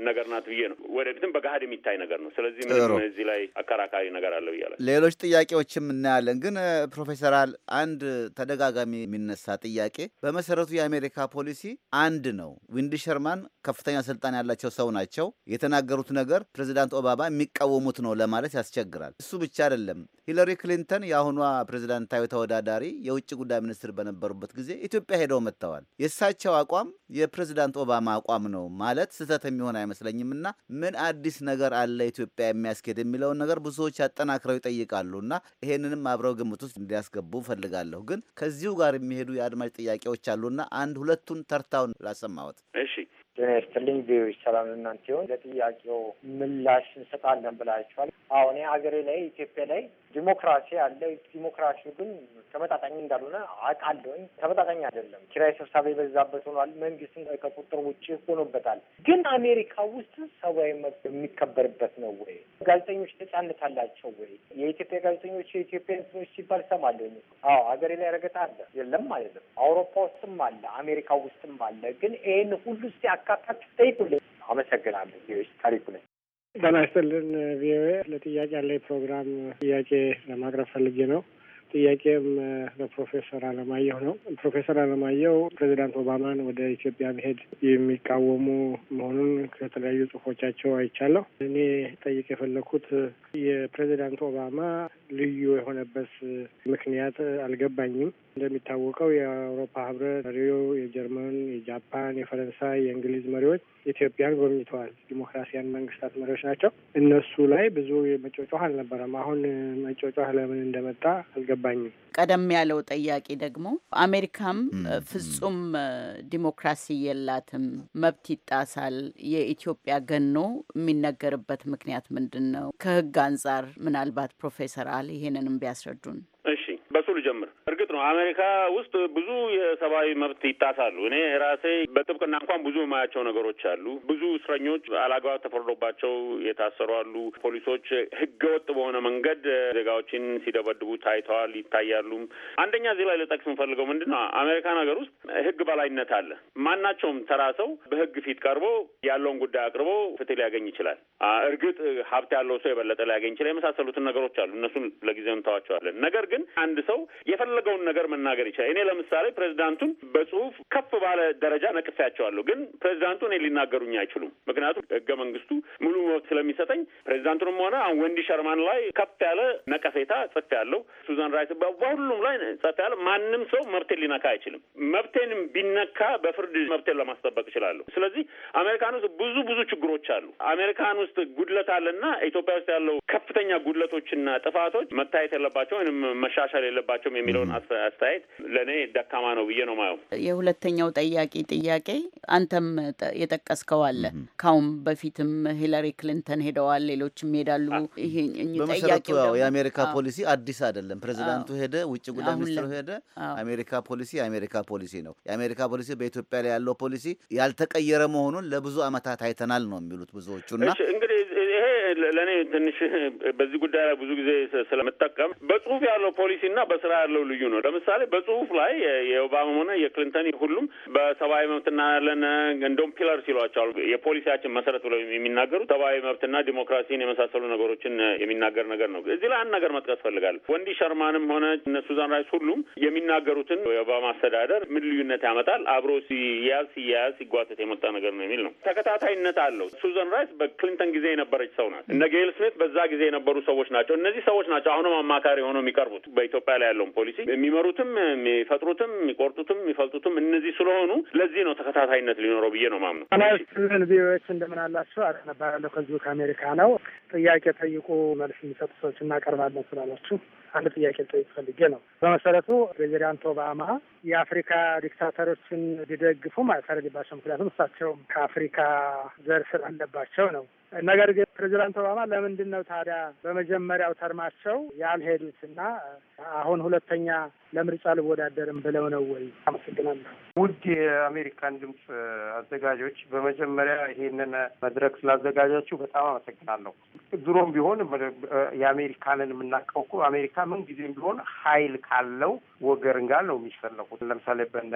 ነገር ናት ብዬ ነው። ወደፊትም በገሀድ የሚታይ ነገር ነው። ስለዚህ ምንም እዚህ ላይ አከራካሪ ነገር አለው እያለ ሌሎች ጥያቄዎችም እናያለን። ግን ፕሮፌሰር አል አንድ ተደጋጋሚ የሚነሳ ጥያቄ በመሰረቱ የአሜሪካ ፖሊሲ አንድ ነው። ዊንድ ሸርማን ከፍተኛ ስልጣን ያላቸው ሰው ናቸው። የተናገሩት ነገር ፕሬዚዳንት ኦባማ የሚቃወሙት ነው ለማለት ያስቸግራል። እሱ ብቻ አይደለም። ሂለሪ ክሊንተን የአሁኗ ፕሬዚዳንታዊ ተወዳዳሪ የውጭ ጉዳይ ሚኒስትር በነበሩበት ጊዜ ኢትዮጵያ ሄደው መጥተዋል። የእሳቸው አቋም የፕሬዚዳንት ኦባማ አቋም ነው ማለት ስህተት የሚሆን አይመስለኝም። እና ምን አዲስ ነገር አለ ኢትዮጵያ የሚያስኬድ የሚለውን ነገር ብዙዎች ያጠናክረው ይጠይቃሉ እና ይሄንንም አብረው ግምት ውስጥ እንዲያስገቡ ፈልጋለሁ። ግን ከዚሁ ጋር የሚሄዱ የአድማጭ ጥያቄዎች አሉና አንድ ሁለቱን ተርታውን ላሰማወት። እሺ ጤና ይስጥልኝ። ቪዮች ሰላም እናንተ ይሁን። ለጥያቄው ምላሽ እንሰጣለን ብላችኋል። አሁን ሀገሬ ላይ ኢትዮጵያ ላይ ዲሞክራሲ አለ። ዲሞክራሲው ግን ተመጣጣኝ እንዳልሆነ አውቃለሁኝ። ተመጣጣኝ አይደለም። ኪራይ ሰብሳቢ የበዛበት ሆኗል። መንግስትን ከቁጥር ውጭ ሆኖበታል። ግን አሜሪካ ውስጥ ሰብአዊ መብት የሚከበርበት ነው ወይ? ጋዜጠኞች ነጻነት አላቸው ወይ? የኢትዮጵያ ጋዜጠኞች የኢትዮጵያ ንትኖች ሲባል እሰማለሁኝ። አዎ ሀገሬ ላይ ረገጣ አለ የለም አይደለም። አውሮፓ ውስጥም አለ፣ አሜሪካ ውስጥም አለ። ግን ይህን ሁሉ ሲያ አካታችሁ ጠይቁልኝ። አመሰግናለሁ። ዎች ታሪኩ ጤና ይስጥልን ቪኦኤ። ለጥያቄ ያለ ፕሮግራም ጥያቄ ለማቅረብ ፈልጌ ነው። ጥያቄም ለፕሮፌሰር አለማየሁ ነው። ፕሮፌሰር አለማየሁ ፕሬዚዳንት ኦባማን ወደ ኢትዮጵያ መሄድ የሚቃወሙ መሆኑን ከተለያዩ ጽሁፎቻቸው አይቻለሁ። እኔ ጠይቅ የፈለግኩት የፕሬዚዳንት ኦባማ ልዩ የሆነበት ምክንያት አልገባኝም። እንደሚታወቀው የአውሮፓ ህብረት መሪው የጀርመን፣ የጃፓን፣ የፈረንሳይ፣ የእንግሊዝ መሪዎች ኢትዮጵያን ጎብኝተዋል። ዲሞክራሲያን መንግስታት መሪዎች ናቸው። እነሱ ላይ ብዙ መጮጮህ አልነበረም። አሁን መጮጮህ ለምን እንደመጣ አልገባኝም። ቀደም ያለው ጠያቂ ደግሞ አሜሪካም ፍጹም ዲሞክራሲ የላትም፣ መብት ይጣሳል፣ የኢትዮጵያ ገኖ የሚነገርበት ምክንያት ምንድን ነው? ከህግ አንጻር ምናልባት ፕሮፌሰር ይሄንንም ቢያስረዱን። እሺ በሱ ልጀምር። ነው። አሜሪካ ውስጥ ብዙ የሰብአዊ መብት ይጣሳሉ። እኔ ራሴ በጥብቅና እንኳን ብዙ የማያቸው ነገሮች አሉ። ብዙ እስረኞች አላግባብ ተፈርዶባቸው የታሰሩ አሉ። ፖሊሶች ህገወጥ በሆነ መንገድ ዜጋዎችን ሲደበድቡ ታይተዋል፣ ይታያሉ። አንደኛ እዚህ ላይ ልጠቅስ የምፈልገው ምንድን ነው፣ አሜሪካን ሀገር ውስጥ ህግ በላይነት አለ። ማናቸውም ተራ ሰው በህግ ፊት ቀርቦ ያለውን ጉዳይ አቅርቦ ፍትህ ሊያገኝ ይችላል። እርግጥ ሀብት ያለው ሰው የበለጠ ሊያገኝ ይችላል። የመሳሰሉትን ነገሮች አሉ። እነሱን ለጊዜው እንተዋቸዋለን። ነገር ግን አንድ ሰው የፈለገውን ነገር መናገር ይችላል። እኔ ለምሳሌ ፕሬዚዳንቱን በጽሁፍ ከፍ ባለ ደረጃ ነቅፌያቸዋለሁ፣ ግን ፕሬዚዳንቱ እኔ ሊናገሩኝ አይችሉም። ምክንያቱም ህገ መንግስቱ ሙሉ መብት ስለሚሰጠኝ ፕሬዚዳንቱንም ሆነ አሁን ወንዲ ሸርማን ላይ ከፍ ያለ ነቀፌታ ጽፍ ያለው ሱዛን ራይስ በሁሉም ላይ ጽፍ ያለ ማንም ሰው መብቴን ሊነካ አይችልም። መብቴን ቢነካ በፍርድ መብቴን ለማስጠበቅ እችላለሁ። ስለዚህ አሜሪካን ውስጥ ብዙ ብዙ ችግሮች አሉ። አሜሪካን ውስጥ ጉድለት አለና ኢትዮጵያ ውስጥ ያለው ከፍተኛ ጉድለቶችና ጥፋቶች መታየት የለባቸው ወይም መሻሻል የለባቸውም የሚለውን አስ አስተያየት ለእኔ ደካማ ነው ብዬ ነው ማየው። የሁለተኛው ጠያቂ ጥያቄ አንተም የጠቀስከው አለ። ካሁን በፊትም ሂላሪ ክሊንተን ሄደዋል፣ ሌሎችም ሄዳሉ። ይሄ በመሰረቱ የአሜሪካ ፖሊሲ አዲስ አይደለም። ፕሬዚዳንቱ ሄደ፣ ውጭ ጉዳይ ሚኒስትሩ ሄደ። አሜሪካ ፖሊሲ የአሜሪካ ፖሊሲ ነው። የአሜሪካ ፖሊሲ በኢትዮጵያ ላይ ያለው ፖሊሲ ያልተቀየረ መሆኑን ለብዙ ዓመታት አይተናል ነው የሚሉት ብዙዎቹና እንግዲህ ይሄ ለእኔ ትንሽ በዚህ ጉዳይ ላይ ብዙ ጊዜ ስለምጠቀም በጽሁፍ ያለው ፖሊሲና በስራ ያለው ልዩ ነው። ለምሳሌ በጽሁፍ ላይ የኦባማ ሆነ የክሊንተን ሁሉም በሰብአዊ መብትና ያለን እንደውም ፒለር ይሏቸዋል የፖሊሲያችን መሰረት ብለው የሚናገሩ ሰብአዊ መብትና ዲሞክራሲን የመሳሰሉ ነገሮችን የሚናገር ነገር ነው። እዚህ ላይ አንድ ነገር መጥቀስ ፈልጋለሁ። ወንዲ ሸርማንም ሆነ ሱዛን ራይስ ሁሉም የሚናገሩትን የኦባማ አስተዳደር ምን ልዩነት ያመጣል አብሮ ሲያዝ ሲያያዝ ሲጓተት የመጣ ነገር ነው የሚል ነው። ተከታታይነት አለው። ሱዛን ራይስ በክሊንተን ጊዜ የነበረች ሰው ናት። እነ ጌል ስሚት በዛ ጊዜ የነበሩ ሰዎች ናቸው። እነዚህ ሰዎች ናቸው አሁንም አማካሪ ሆነው የሚቀርቡት በኢትዮጵያ ላይ ያለውን ፖሊሲ የሚመሩትም፣ የሚፈጥሩትም፣ የሚቆርጡትም፣ የሚፈልጡትም እነዚህ ስለሆኑ ለዚህ ነው ተከታታይነት ሊኖረው ብዬ ነው ማምነው። ስትልን ቪዎች እንደምን አላችሁ? አነባለሁ ከዚሁ ከአሜሪካ ነው። ጥያቄ ጠይቁ መልስ የሚሰጡ ሰዎች እናቀርባለን ስላላችሁ አንድ ጥያቄ ልጠይቅ ፈልጌ ነው። በመሰረቱ ፕሬዚዳንት ኦባማ የአፍሪካ ዲክታተሮችን ሊደግፉ አይፈረድባቸው፣ ምክንያቱም እሳቸውም ከአፍሪካ ዘር ስላለባቸው ነው። ነገር ግን ፕሬዚዳንት ኦባማ ለምንድን ነው ታዲያ በመጀመሪያው ተርማቸው ያልሄዱት እና አሁን ሁለተኛ ለምርጫ ልወዳደርም ብለው ነው ወይ? አመሰግናለሁ። ውድ የአሜሪካን ድምፅ አዘጋጆች፣ በመጀመሪያ ይሄንን መድረክ ስላዘጋጃችሁ በጣም አመሰግናለሁ። ድሮም ቢሆን የአሜሪካንን የምናውቀው እኮ አሜሪካ ምን ጊዜም ቢሆን ኃይል ካለው ወገን ጋር ነው የሚፈለጉት። ለምሳሌ በነ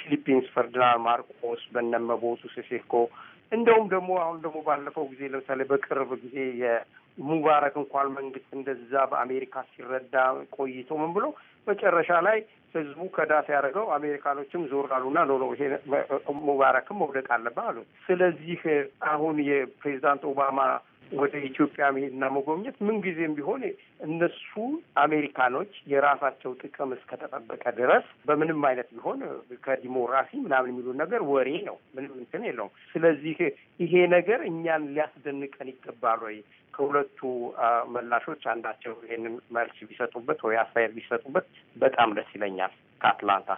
ፊሊፒንስ ፈርዲናንድ ማርቆስ፣ በነ መቦቱ ሴሴኮ እንደውም ደግሞ አሁን ደግሞ ባለፈው ጊዜ ለምሳሌ በቅርብ ጊዜ የሙባረክ እንኳን መንግስት እንደዛ በአሜሪካ ሲረዳ ቆይቶ ምን ብሎ መጨረሻ ላይ ህዝቡ ከዳፍ ያደረገው አሜሪካኖችም ዞር አሉና ኖ ይሄ ሙባረክም መውደቅ አለበት አሉ። ስለዚህ አሁን የፕሬዚዳንት ኦባማ ወደ ኢትዮጵያ መሄድና መጎብኘት ምንጊዜም ቢሆን እነሱ አሜሪካኖች የራሳቸው ጥቅም እስከተጠበቀ ድረስ በምንም አይነት ቢሆን ከዲሞክራሲ ምናምን የሚሉን ነገር ወሬ ነው፣ ምንም እንትን የለውም። ስለዚህ ይሄ ነገር እኛን ሊያስደንቀን ይገባል ወይ? ከሁለቱ መላሾች አንዳቸው ይህንን መልስ ቢሰጡበት ወይ አስተያየት ቢሰጡበት በጣም ደስ ይለኛል። ከአትላንታ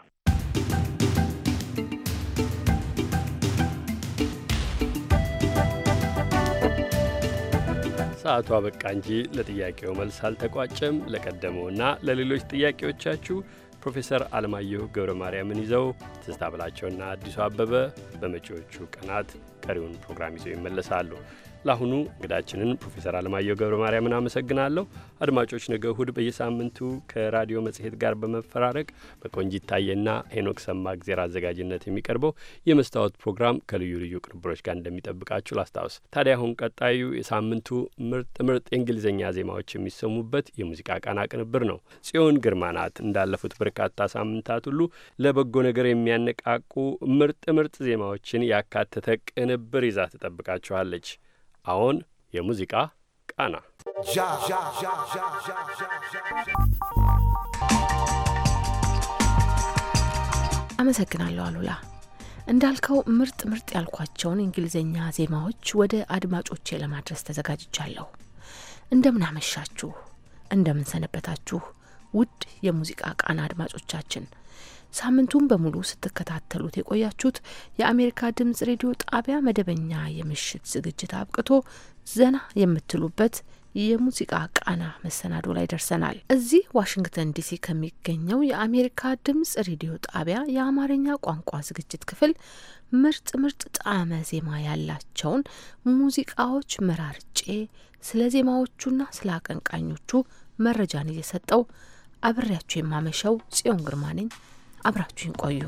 ሰዓቱ አበቃ እንጂ ለጥያቄው መልስ አልተቋጨም። ለቀደመውና ለሌሎች ጥያቄዎቻችሁ ፕሮፌሰር አለማየሁ ገብረ ማርያምን ይዘው ትዝታ ብላቸውና አዲሱ አበበ በመጪዎቹ ቀናት ቀሪውን ፕሮግራም ይዘው ይመለሳሉ። ለአሁኑ እንግዳችንን ፕሮፌሰር አለማየሁ ገብረ ማርያምን አመሰግናለሁ። አድማጮች ነገ እሁድ በየሳምንቱ ከራዲዮ መጽሔት ጋር በመፈራረቅ በቆንጂት ታየና ሄኖክ ጊዜር አዘጋጅነት የሚቀርበው የመስታወት ፕሮግራም ከልዩ ልዩ ቅንብሮች ጋር እንደሚጠብቃችሁ ላስታውስ። ታዲያ አሁን ቀጣዩ የሳምንቱ ምርጥ ምርጥ የእንግሊዝኛ ዜማዎች የሚሰሙበት የሙዚቃ ቃና ቅንብር ነው። ጽዮን ግርማ ናት እንዳለፉት በርካታ ሳምንታት ሁሉ ለበጎ ነገር የሚያነቃቁ ምርጥ ምርጥ ዜማዎችን ያካተተ ቅንብር ይዛ ትጠብቃችኋለች። አሁን የሙዚቃ ቃና አመሰግናለሁ አሉላ። እንዳልከው ምርጥ ምርጥ ያልኳቸውን እንግሊዝኛ ዜማዎች ወደ አድማጮቼ ለማድረስ ተዘጋጅቻለሁ። እንደምን አመሻችሁ፣ እንደምን ሰነበታችሁ ውድ የሙዚቃ ቃና አድማጮቻችን። ሳምንቱን በሙሉ ስትከታተሉት የቆያችሁት የአሜሪካ ድምጽ ሬዲዮ ጣቢያ መደበኛ የምሽት ዝግጅት አብቅቶ ዘና የምትሉበት የሙዚቃ ቃና መሰናዶ ላይ ደርሰናል። እዚህ ዋሽንግተን ዲሲ ከሚገኘው የአሜሪካ ድምጽ ሬዲዮ ጣቢያ የአማርኛ ቋንቋ ዝግጅት ክፍል ምርጥ ምርጥ ጣዕመ ዜማ ያላቸውን ሙዚቃዎች መራርጬ ስለ ዜማዎቹና ስለ አቀንቃኞቹ መረጃን እየሰጠው አብሬያቸው የማመሸው ጽዮን ግርማ ነኝ። አብራችሁን ቆዩ።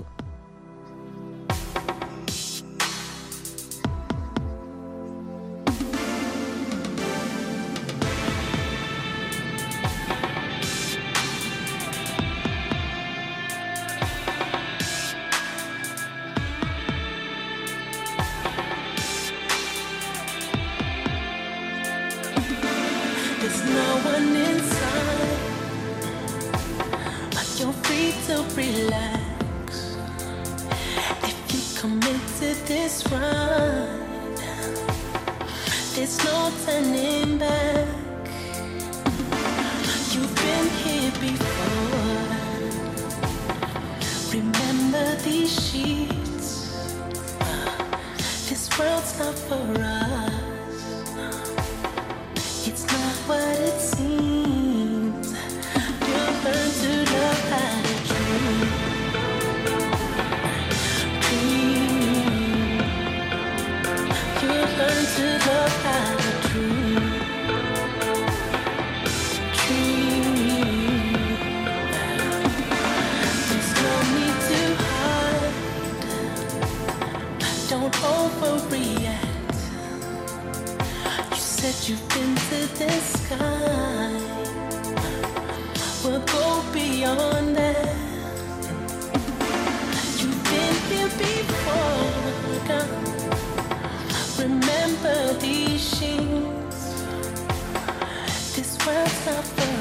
This world's not fair.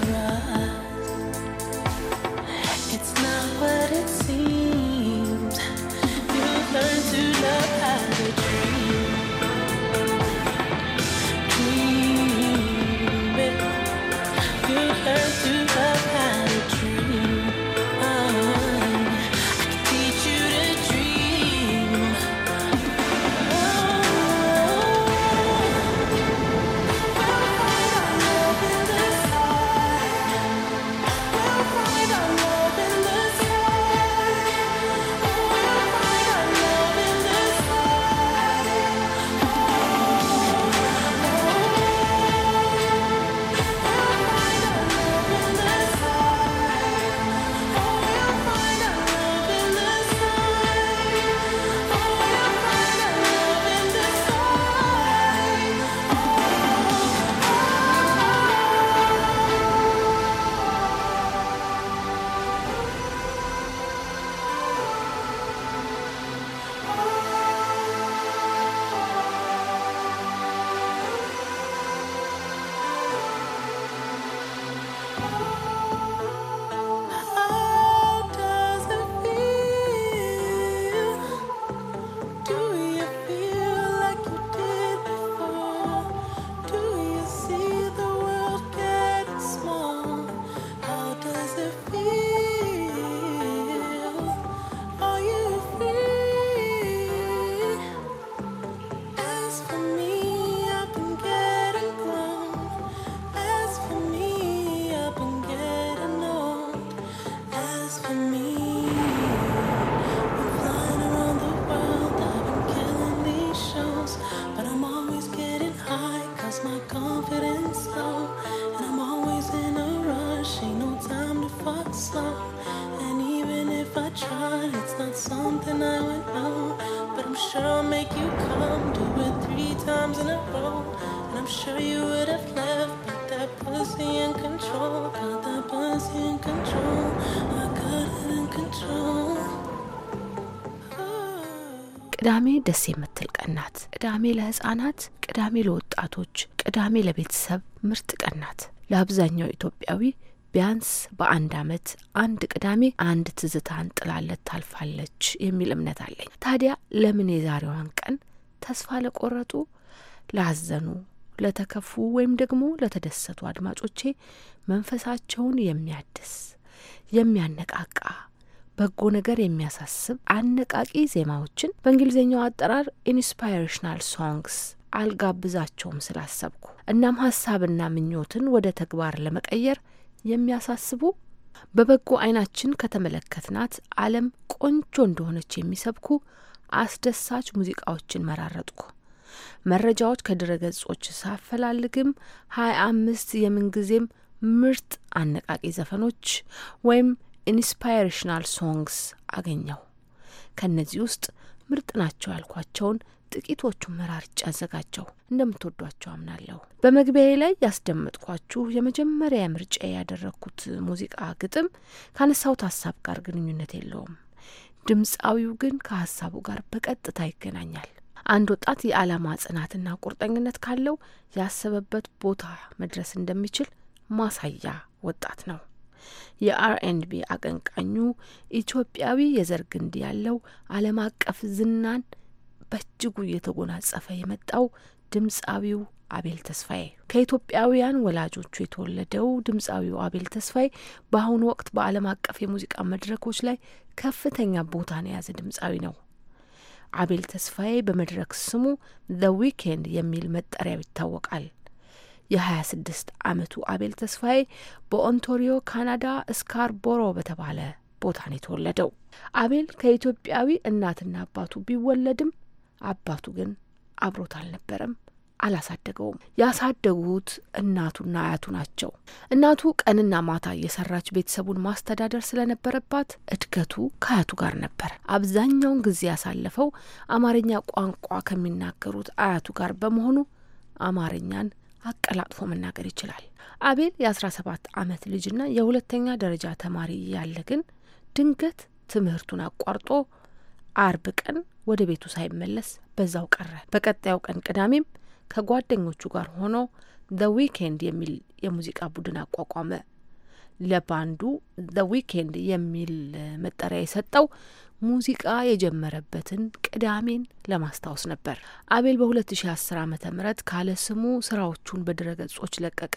ቅዳሜ ደስ የምትል ቀን ናት። ቅዳሜ ለህጻናት፣ ቅዳሜ ለወጣቶች፣ ቅዳሜ ለቤተሰብ ምርጥ ቀን ናት። ለአብዛኛው ኢትዮጵያዊ ቢያንስ በአንድ አመት አንድ ቅዳሜ አንድ ትዝታ ጥላለት ታልፋለች የሚል እምነት አለኝ። ታዲያ ለምን የዛሬዋን ቀን ተስፋ ለቆረጡ፣ ላዘኑ፣ ለተከፉ ወይም ደግሞ ለተደሰቱ አድማጮቼ መንፈሳቸውን የሚያድስ የሚያነቃቃ በጎ ነገር የሚያሳስብ አነቃቂ ዜማዎችን በእንግሊዝኛው አጠራር ኢንስፓይሬሽናል ሶንግስ አልጋብዛቸውም ስላሰብኩ፣ እናም ሀሳብና ምኞትን ወደ ተግባር ለመቀየር የሚያሳስቡ በበጎ አይናችን ከተመለከትናት ዓለም ቆንጆ እንደሆነች የሚሰብኩ አስደሳች ሙዚቃዎችን መራረጥኩ። መረጃዎች ከድረገጾች ሳፈላልግም ሀያ አምስት የምንጊዜም ምርጥ አነቃቂ ዘፈኖች ወይም ኢንስፓይሬሽናል ሶንግስ አገኘው። ከእነዚህ ውስጥ ምርጥ ናቸው ያልኳቸውን ጥቂቶቹን መራርጬ አዘጋጀው። እንደምትወዷቸው አምናለሁ። በመግቢያዬ ላይ ያስደመጥኳችሁ የመጀመሪያ ምርጫ ያደረግኩት ሙዚቃ ግጥም ካነሳሁት ሀሳብ ጋር ግንኙነት የለውም። ድምፃዊው ግን ከሀሳቡ ጋር በቀጥታ ይገናኛል። አንድ ወጣት የዓላማ ጽናትና ቁርጠኝነት ካለው ያሰበበት ቦታ መድረስ እንደሚችል ማሳያ ወጣት ነው። የአርኤንቢ አቀንቃኙ ኢትዮጵያዊ የዘር ግንድ ያለው ዓለም አቀፍ ዝናን በእጅጉ እየተጎናጸፈ የመጣው ድምፃዊው አቤል ተስፋዬ ከኢትዮጵያውያን ወላጆቹ የተወለደው ድምፃዊው አቤል ተስፋዬ በአሁኑ ወቅት በዓለም አቀፍ የሙዚቃ መድረኮች ላይ ከፍተኛ ቦታን የያዘ ድምፃዊ ነው። አቤል ተስፋዬ በመድረክ ስሙ ዘ ዊኬንድ የሚል መጠሪያው ይታወቃል። የ26 ዓመቱ አቤል ተስፋዬ በኦንቶሪዮ ካናዳ ስካርቦሮ በተባለ ቦታ ነው የተወለደው። አቤል ከኢትዮጵያዊ እናትና አባቱ ቢወለድም አባቱ ግን አብሮት አልነበረም፣ አላሳደገውም። ያሳደጉት እናቱና አያቱ ናቸው። እናቱ ቀንና ማታ እየሰራች ቤተሰቡን ማስተዳደር ስለነበረባት እድገቱ ከአያቱ ጋር ነበር። አብዛኛውን ጊዜ ያሳለፈው አማርኛ ቋንቋ ከሚናገሩት አያቱ ጋር በመሆኑ አማርኛን አቀላጥፎ መናገር ይችላል። አቤል የ17 ዓመት ልጅና የሁለተኛ ደረጃ ተማሪ ያለ ግን ድንገት ትምህርቱን አቋርጦ አርብ ቀን ወደ ቤቱ ሳይመለስ በዛው ቀረ። በቀጣዩ ቀን ቅዳሜም ከጓደኞቹ ጋር ሆኖ ዘ ዊኬንድ የሚል የሙዚቃ ቡድን አቋቋመ። ለባንዱ ዘ ዊኬንድ የሚል መጠሪያ የሰጠው ሙዚቃ የጀመረበትን ቅዳሜን ለማስታወስ ነበር። አቤል በ2010 ዓ ም ካለ ስሙ ስራዎቹን በድረገጾች ለቀቀ።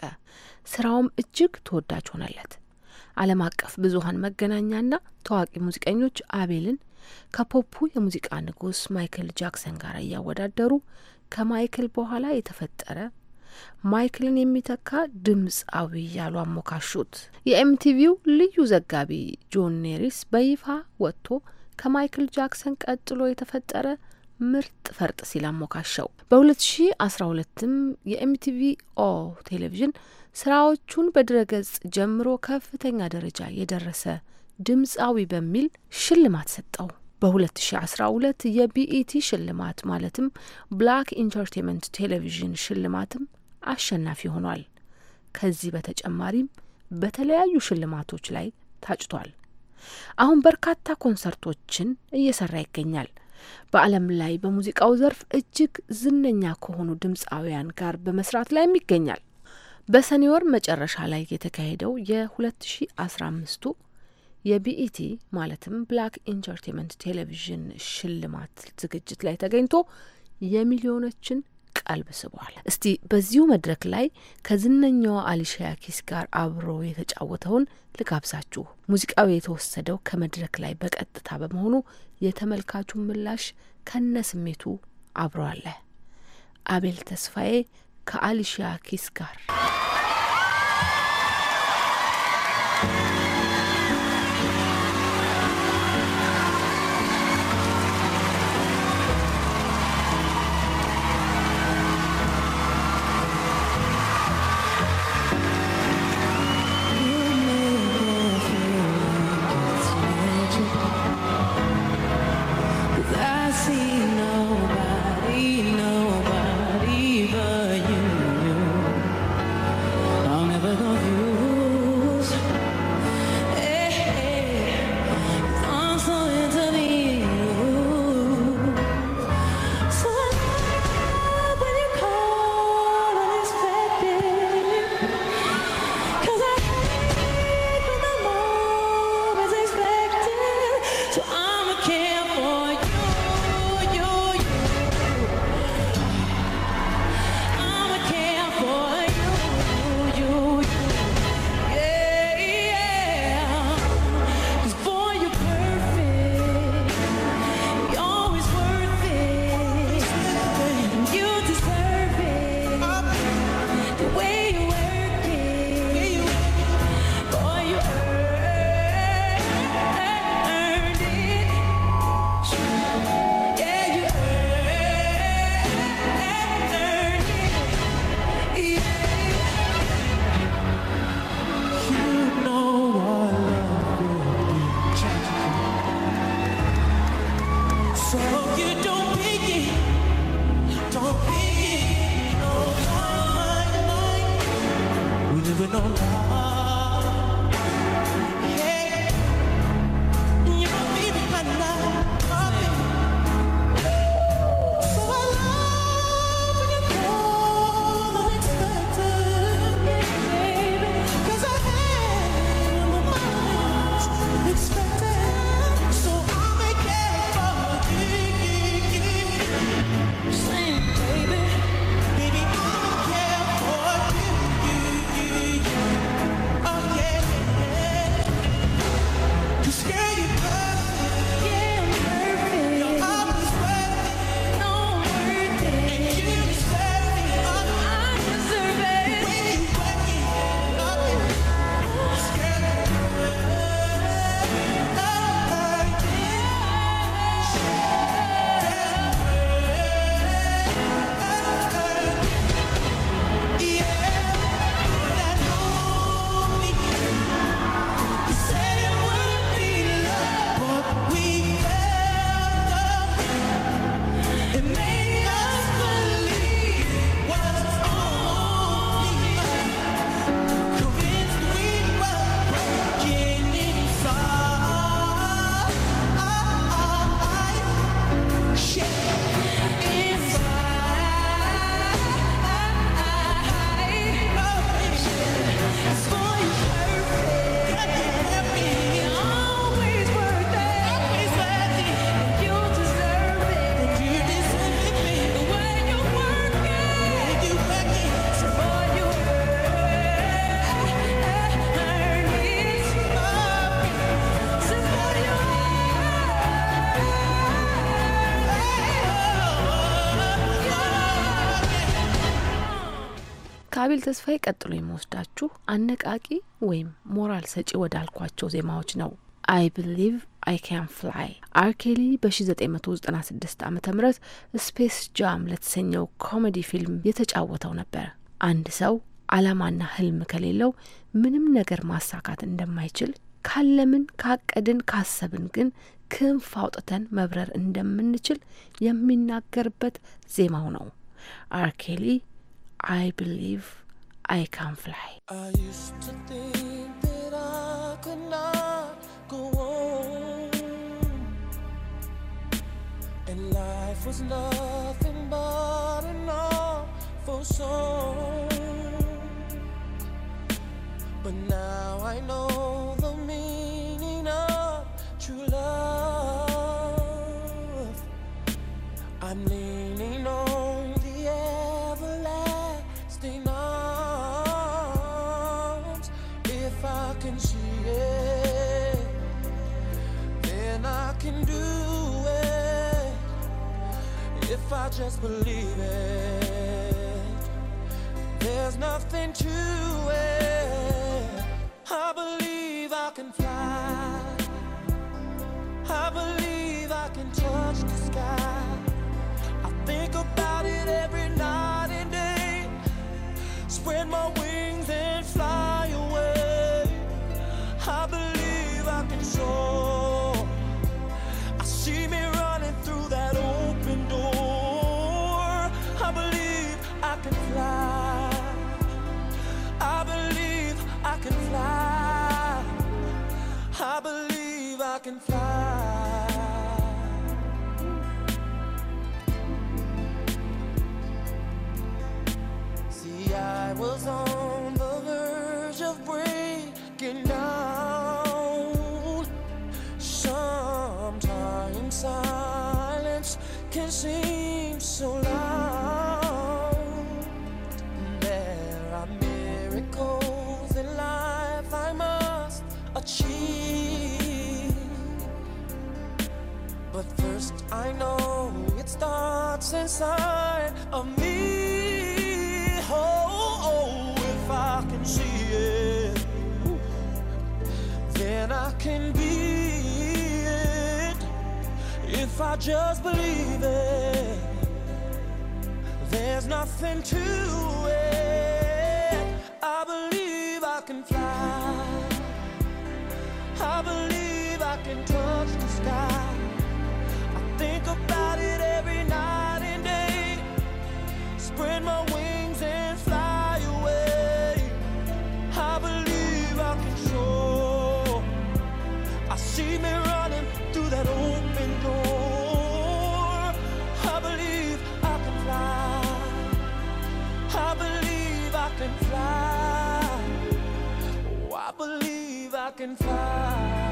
ስራውም እጅግ ተወዳጅ ሆነለት። ዓለም አቀፍ ብዙሀን መገናኛና ታዋቂ ሙዚቀኞች አቤልን ከፖፑ የሙዚቃ ንጉስ ማይክል ጃክሰን ጋር እያወዳደሩ ከማይክል በኋላ የተፈጠረ ማይክልን የሚተካ ድምፃዊ እያሉ አሞካሹት። የኤምቲቪው ልዩ ዘጋቢ ጆን ኔሪስ በይፋ ወጥቶ ከማይክል ጃክሰን ቀጥሎ የተፈጠረ ምርጥ ፈርጥ ሲል አሞካሸው። በ2012ም የኤምቲቪ ኦ ቴሌቪዥን ስራዎቹን በድረገጽ ጀምሮ ከፍተኛ ደረጃ የደረሰ ድምፃዊ በሚል ሽልማት ሰጠው። በ2012 የቢኢቲ ሽልማት ማለትም ብላክ ኢንተርቴንመንት ቴሌቪዥን ሽልማትም አሸናፊ ሆኗል። ከዚህ በተጨማሪም በተለያዩ ሽልማቶች ላይ ታጭቷል። አሁን በርካታ ኮንሰርቶችን እየሰራ ይገኛል። በዓለም ላይ በሙዚቃው ዘርፍ እጅግ ዝነኛ ከሆኑ ድምፃውያን ጋር በመስራት ላይም ይገኛል። በሰኔ ወር መጨረሻ ላይ የተካሄደው የ2015ቱ የቢኢቲ ማለትም ብላክ ኢንተርቴንመንት ቴሌቪዥን ሽልማት ዝግጅት ላይ ተገኝቶ የሚሊዮኖችን ቀልብ ስቧል። እስቲ በዚሁ መድረክ ላይ ከዝነኛዋ አሊሻ ኪስ ጋር አብሮ የተጫወተውን ልጋብዛችሁ። ሙዚቃው የተወሰደው ከመድረክ ላይ በቀጥታ በመሆኑ የተመልካቹን ምላሽ ከነ ስሜቱ አብሮ አለ። አቤል ተስፋዬ ከአሊሻያ ኪስ ጋር ከአቤል ተስፋዬ ቀጥሎ የሚወስዳችሁ አነቃቂ ወይም ሞራል ሰጪ ወዳልኳቸው ዜማዎች ነው። አይ ብሊቭ አይ ካን ፍላይ አርኬሊ በ1996 ዓ ም ስፔስ ጃም ለተሰኘው ኮሜዲ ፊልም የተጫወተው ነበር። አንድ ሰው አላማና ህልም ከሌለው ምንም ነገር ማሳካት እንደማይችል ካለምን፣ ካቀድን፣ ካሰብን ግን ክንፍ አውጥተን መብረር እንደምንችል የሚናገርበት ዜማው ነው። አርኬሊ I believe I can fly. I used to think that I could not go on, and life was nothing but an awful song. But now I know the meaning of true love. I'm. I just believe it. There's nothing to it. I believe I can fly. I believe I can touch the sky. I think about it every night and day. Spread my wings and fly. inside of me. Oh, oh if I can see it, then I can be it. If I just believe it, there's nothing to it. I believe I can fly. I believe I can touch the sky. spread my wings and fly away. I believe I can soar. I see me running through that open door. I believe I can fly. I believe I can fly. Oh, I believe I can fly.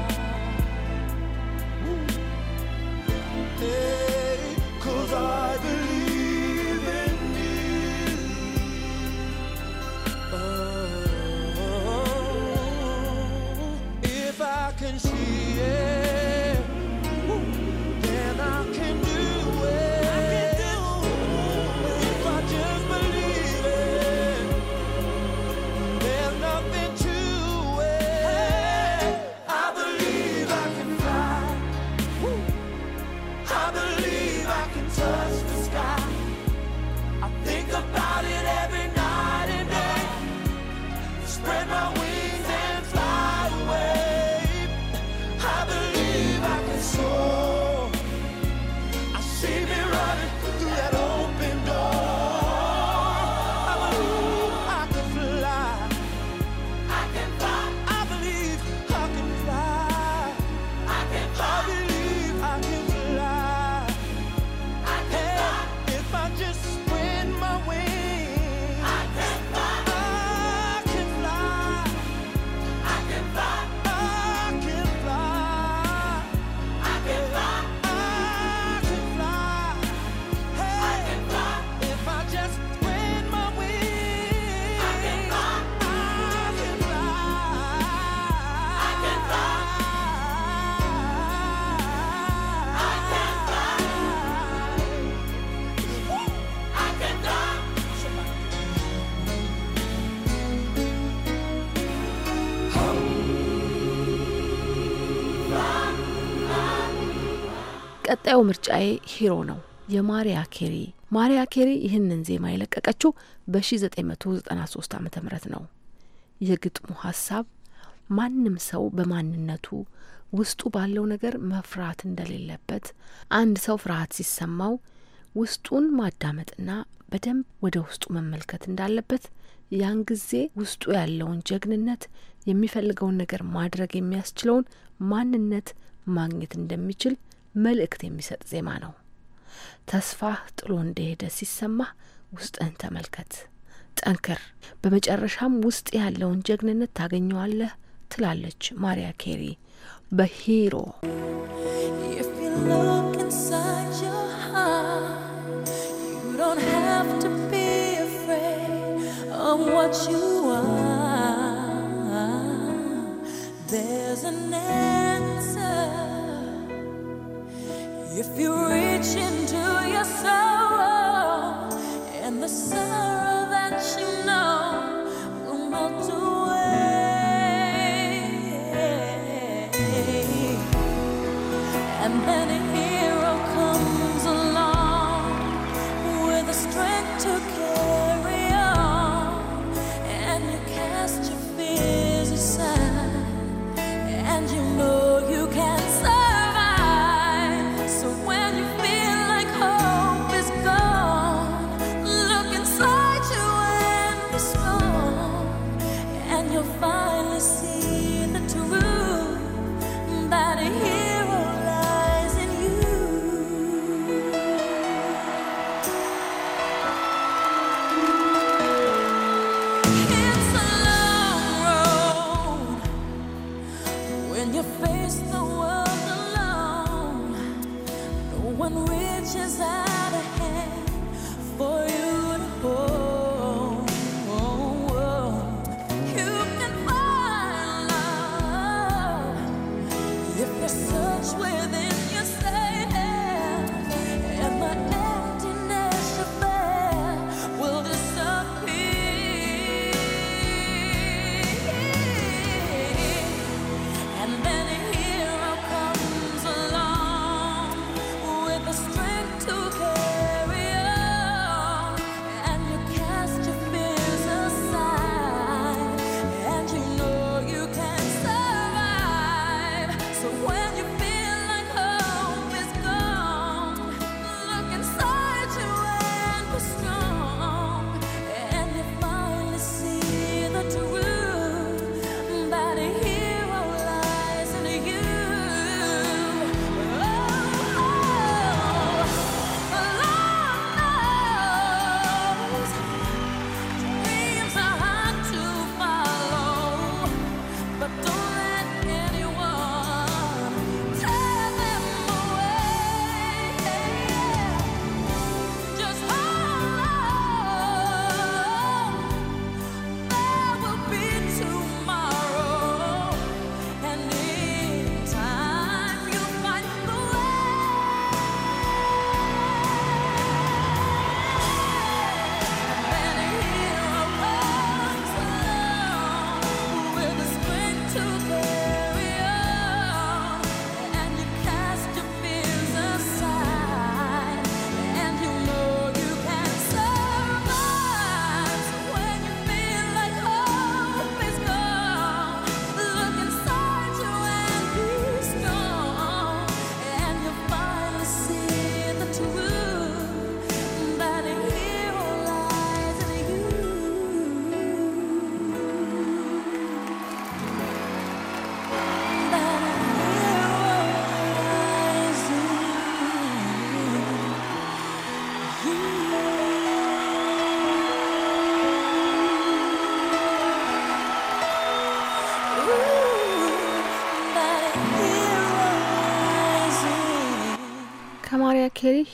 ቀጣዩ ምርጫዬ ሂሮ ነው የማሪያ ኬሪ። ማሪያ ኬሪ ይህንን ዜማ የለቀቀችው በ1993 ዓ ም ነው። የግጥሙ ሀሳብ ማንም ሰው በማንነቱ ውስጡ ባለው ነገር መፍራት እንደሌለበት፣ አንድ ሰው ፍርሃት ሲሰማው ውስጡን ማዳመጥና በደንብ ወደ ውስጡ መመልከት እንዳለበት፣ ያን ጊዜ ውስጡ ያለውን ጀግንነት የሚፈልገውን ነገር ማድረግ የሚያስችለውን ማንነት ማግኘት እንደሚችል መልእክት የሚሰጥ ዜማ ነው። ተስፋህ ጥሎ እንደሄደ ሲሰማ ውስጥህን ተመልከት፣ ጠንክር፣ በመጨረሻም ውስጥ ያለውን ጀግንነት ታገኘዋለህ ትላለች ማሪያ ኬሪ በሂሮ There's an end. If you reach into your soul and the sorrow that you know will melt away, and then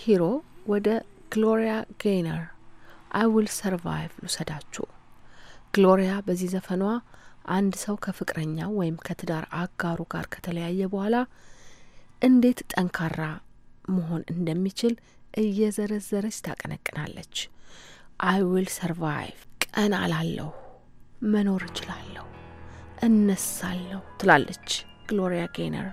ሂሮ ወደ ግሎሪያ ጌይነር አይ ዊል ሰርቫይቭ ልውሰዳችሁ። ግሎሪያ በዚህ ዘፈኗ አንድ ሰው ከፍቅረኛው ወይም ከትዳር አጋሩ ጋር ከተለያየ በኋላ እንዴት ጠንካራ መሆን እንደሚችል እየዘረዘረች ታቀነቅናለች። አይ ዊል ሰርቫይቭ፣ ቀን አላለሁ፣ መኖር እችላለሁ፣ እነሳለሁ ትላለች ግሎሪያ ጌይነር።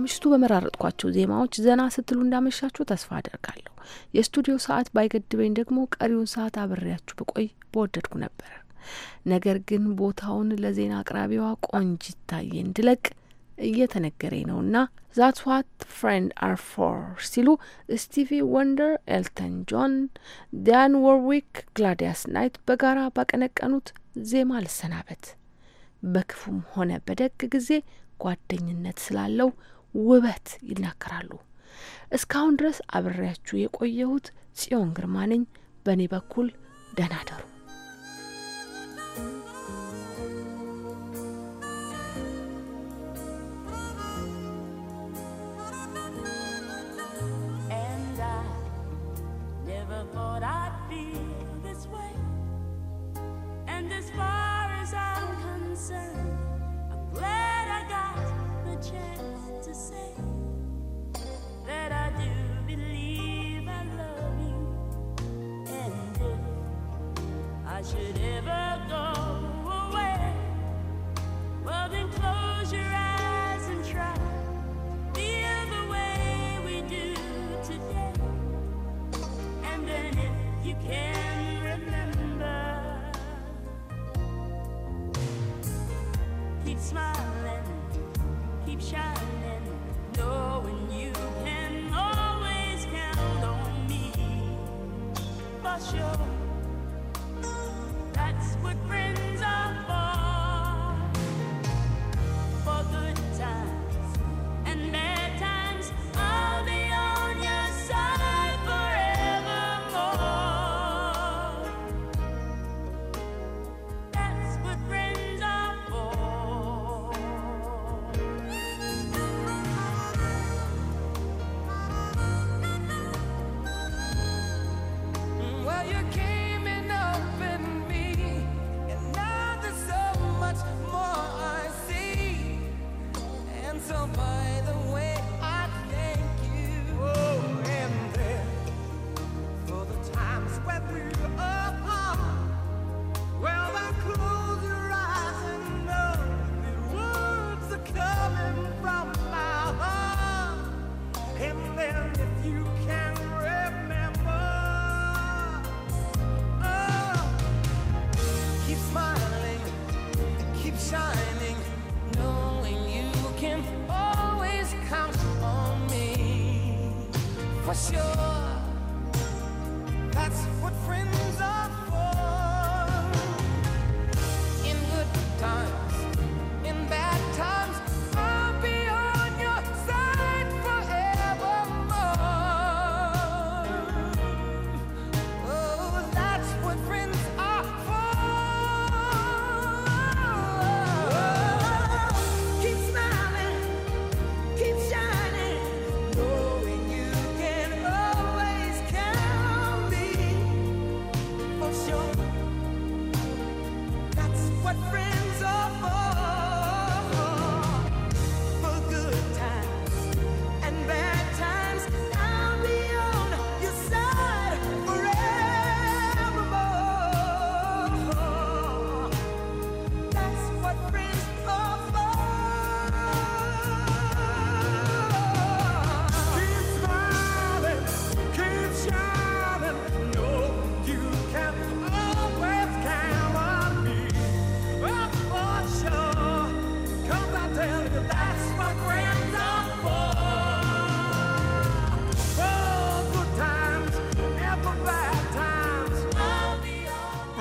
ለምሽቱ በመራረጥኳቸው ዜማዎች ዘና ስትሉ እንዳመሻችሁ ተስፋ አደርጋለሁ። የስቱዲዮ ሰዓት ባይገድበኝ ደግሞ ቀሪውን ሰዓት አብሬያችሁ በቆይ በወደድኩ ነበር። ነገር ግን ቦታውን ለዜና አቅራቢዋ ቆንጅ ይታየ እንድለቅ እየተነገረኝ ነውና ዛት ዋት ፍሬንድ አር ፎር ሲሉ ስቲቪ ወንደር፣ ኤልተን ጆን፣ ዲያን ወርዊክ፣ ግላዲያስ ናይት በጋራ ባቀነቀኑት ዜማ ልሰናበት። በክፉም ሆነ በደግ ጊዜ ጓደኝነት ስላለው ውበት ይናገራሉ። እስካሁን ድረስ አብሬያችሁ የቆየሁት ጽዮን ግርማ ነኝ። በእኔ በኩል ደህና ደሩ። that I do believe I love you, and if I should ever go away, well then close your eyes and try feel the way we do today, and then if you can.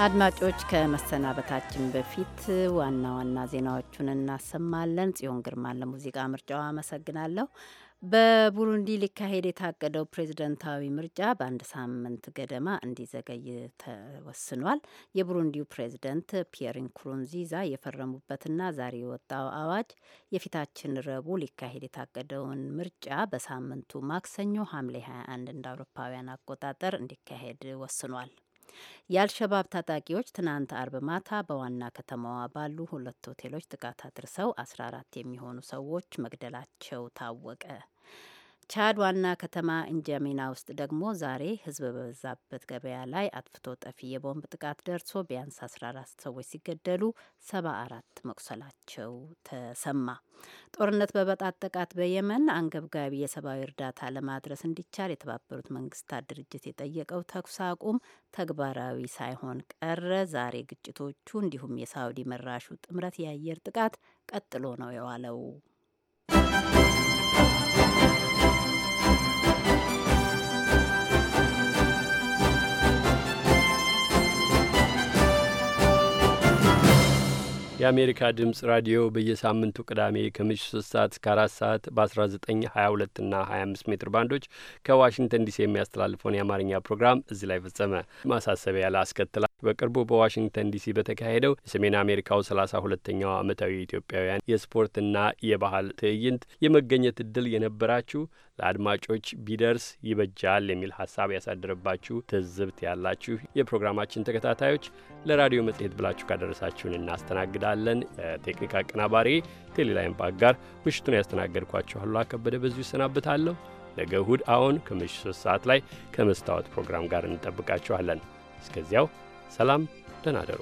አድማጮች ከመሰናበታችን በፊት ዋና ዋና ዜናዎቹን እናሰማለን። ጽዮን ግርማን ለሙዚቃ ምርጫው አመሰግናለሁ። በቡሩንዲ ሊካሄድ የታቀደው ፕሬዝደንታዊ ምርጫ በአንድ ሳምንት ገደማ እንዲዘገይ ተወስኗል። የቡሩንዲው ፕሬዝደንት ፒየር ንኩሩንዚዛ የፈረሙበትና ዛሬ የወጣው አዋጅ የፊታችን ረቡዕ ሊካሄድ የታቀደውን ምርጫ በሳምንቱ ማክሰኞ ሐምሌ 21 እንደ አውሮፓውያን አቆጣጠር እንዲካሄድ ወስኗል። የአልሸባብ ታጣቂዎች ትናንት አርብ ማታ በዋና ከተማዋ ባሉ ሁለት ሆቴሎች ጥቃት አድርሰው 14 የሚሆኑ ሰዎች መግደላቸው ታወቀ። ቻድ ዋና ከተማ እንጃሚና ውስጥ ደግሞ ዛሬ ህዝብ በበዛበት ገበያ ላይ አጥፍቶ ጠፊ የቦምብ ጥቃት ደርሶ ቢያንስ 14 ሰዎች ሲገደሉ 74 መቁሰላቸው ተሰማ። ጦርነት በበጣጠቃት በየመን አንገብጋቢ የሰብአዊ እርዳታ ለማድረስ እንዲቻል የተባበሩት መንግስታት ድርጅት የጠየቀው ተኩስ አቁም ተግባራዊ ሳይሆን ቀረ። ዛሬ ግጭቶቹ እንዲሁም የሳውዲ መራሹ ጥምረት የአየር ጥቃት ቀጥሎ ነው የዋለው። የአሜሪካ ድምፅ ራዲዮ በየሳምንቱ ቅዳሜ ከምሽቱ 3 ሰዓት እስከ 4 ሰዓት በ1922 እና 25 ሜትር ባንዶች ከዋሽንግተን ዲሲ የሚያስተላልፈውን የአማርኛ ፕሮግራም እዚህ ላይ ፈጸመ። ማሳሰቢያ ላስከትላ። በቅርቡ በዋሽንግተን ዲሲ በተካሄደው የሰሜን አሜሪካው 32ኛው ዓመታዊ የኢትዮጵያውያን የስፖርትና የባህል ትዕይንት የመገኘት እድል የነበራችሁ ለአድማጮች ቢደርስ ይበጃል የሚል ሀሳብ ያሳደረባችሁ ትዝብት ያላችሁ የፕሮግራማችን ተከታታዮች ለራዲዮ መጽሔት ብላችሁ ካደረሳችሁን እናስተናግዳለን። ቴክኒክ አቀናባሪ ቴሌላይም ጋር ምሽቱን ያስተናገድኳችሁ አሉላ ከበደ በዚሁ ይሰናብታለሁ። ነገ እሁድ አሁን ከምሽቱ ሶስት ሰዓት ላይ ከመስታወት ፕሮግራም ጋር እንጠብቃችኋለን። እስከዚያው ሰላም፣ ደህና ደሩ።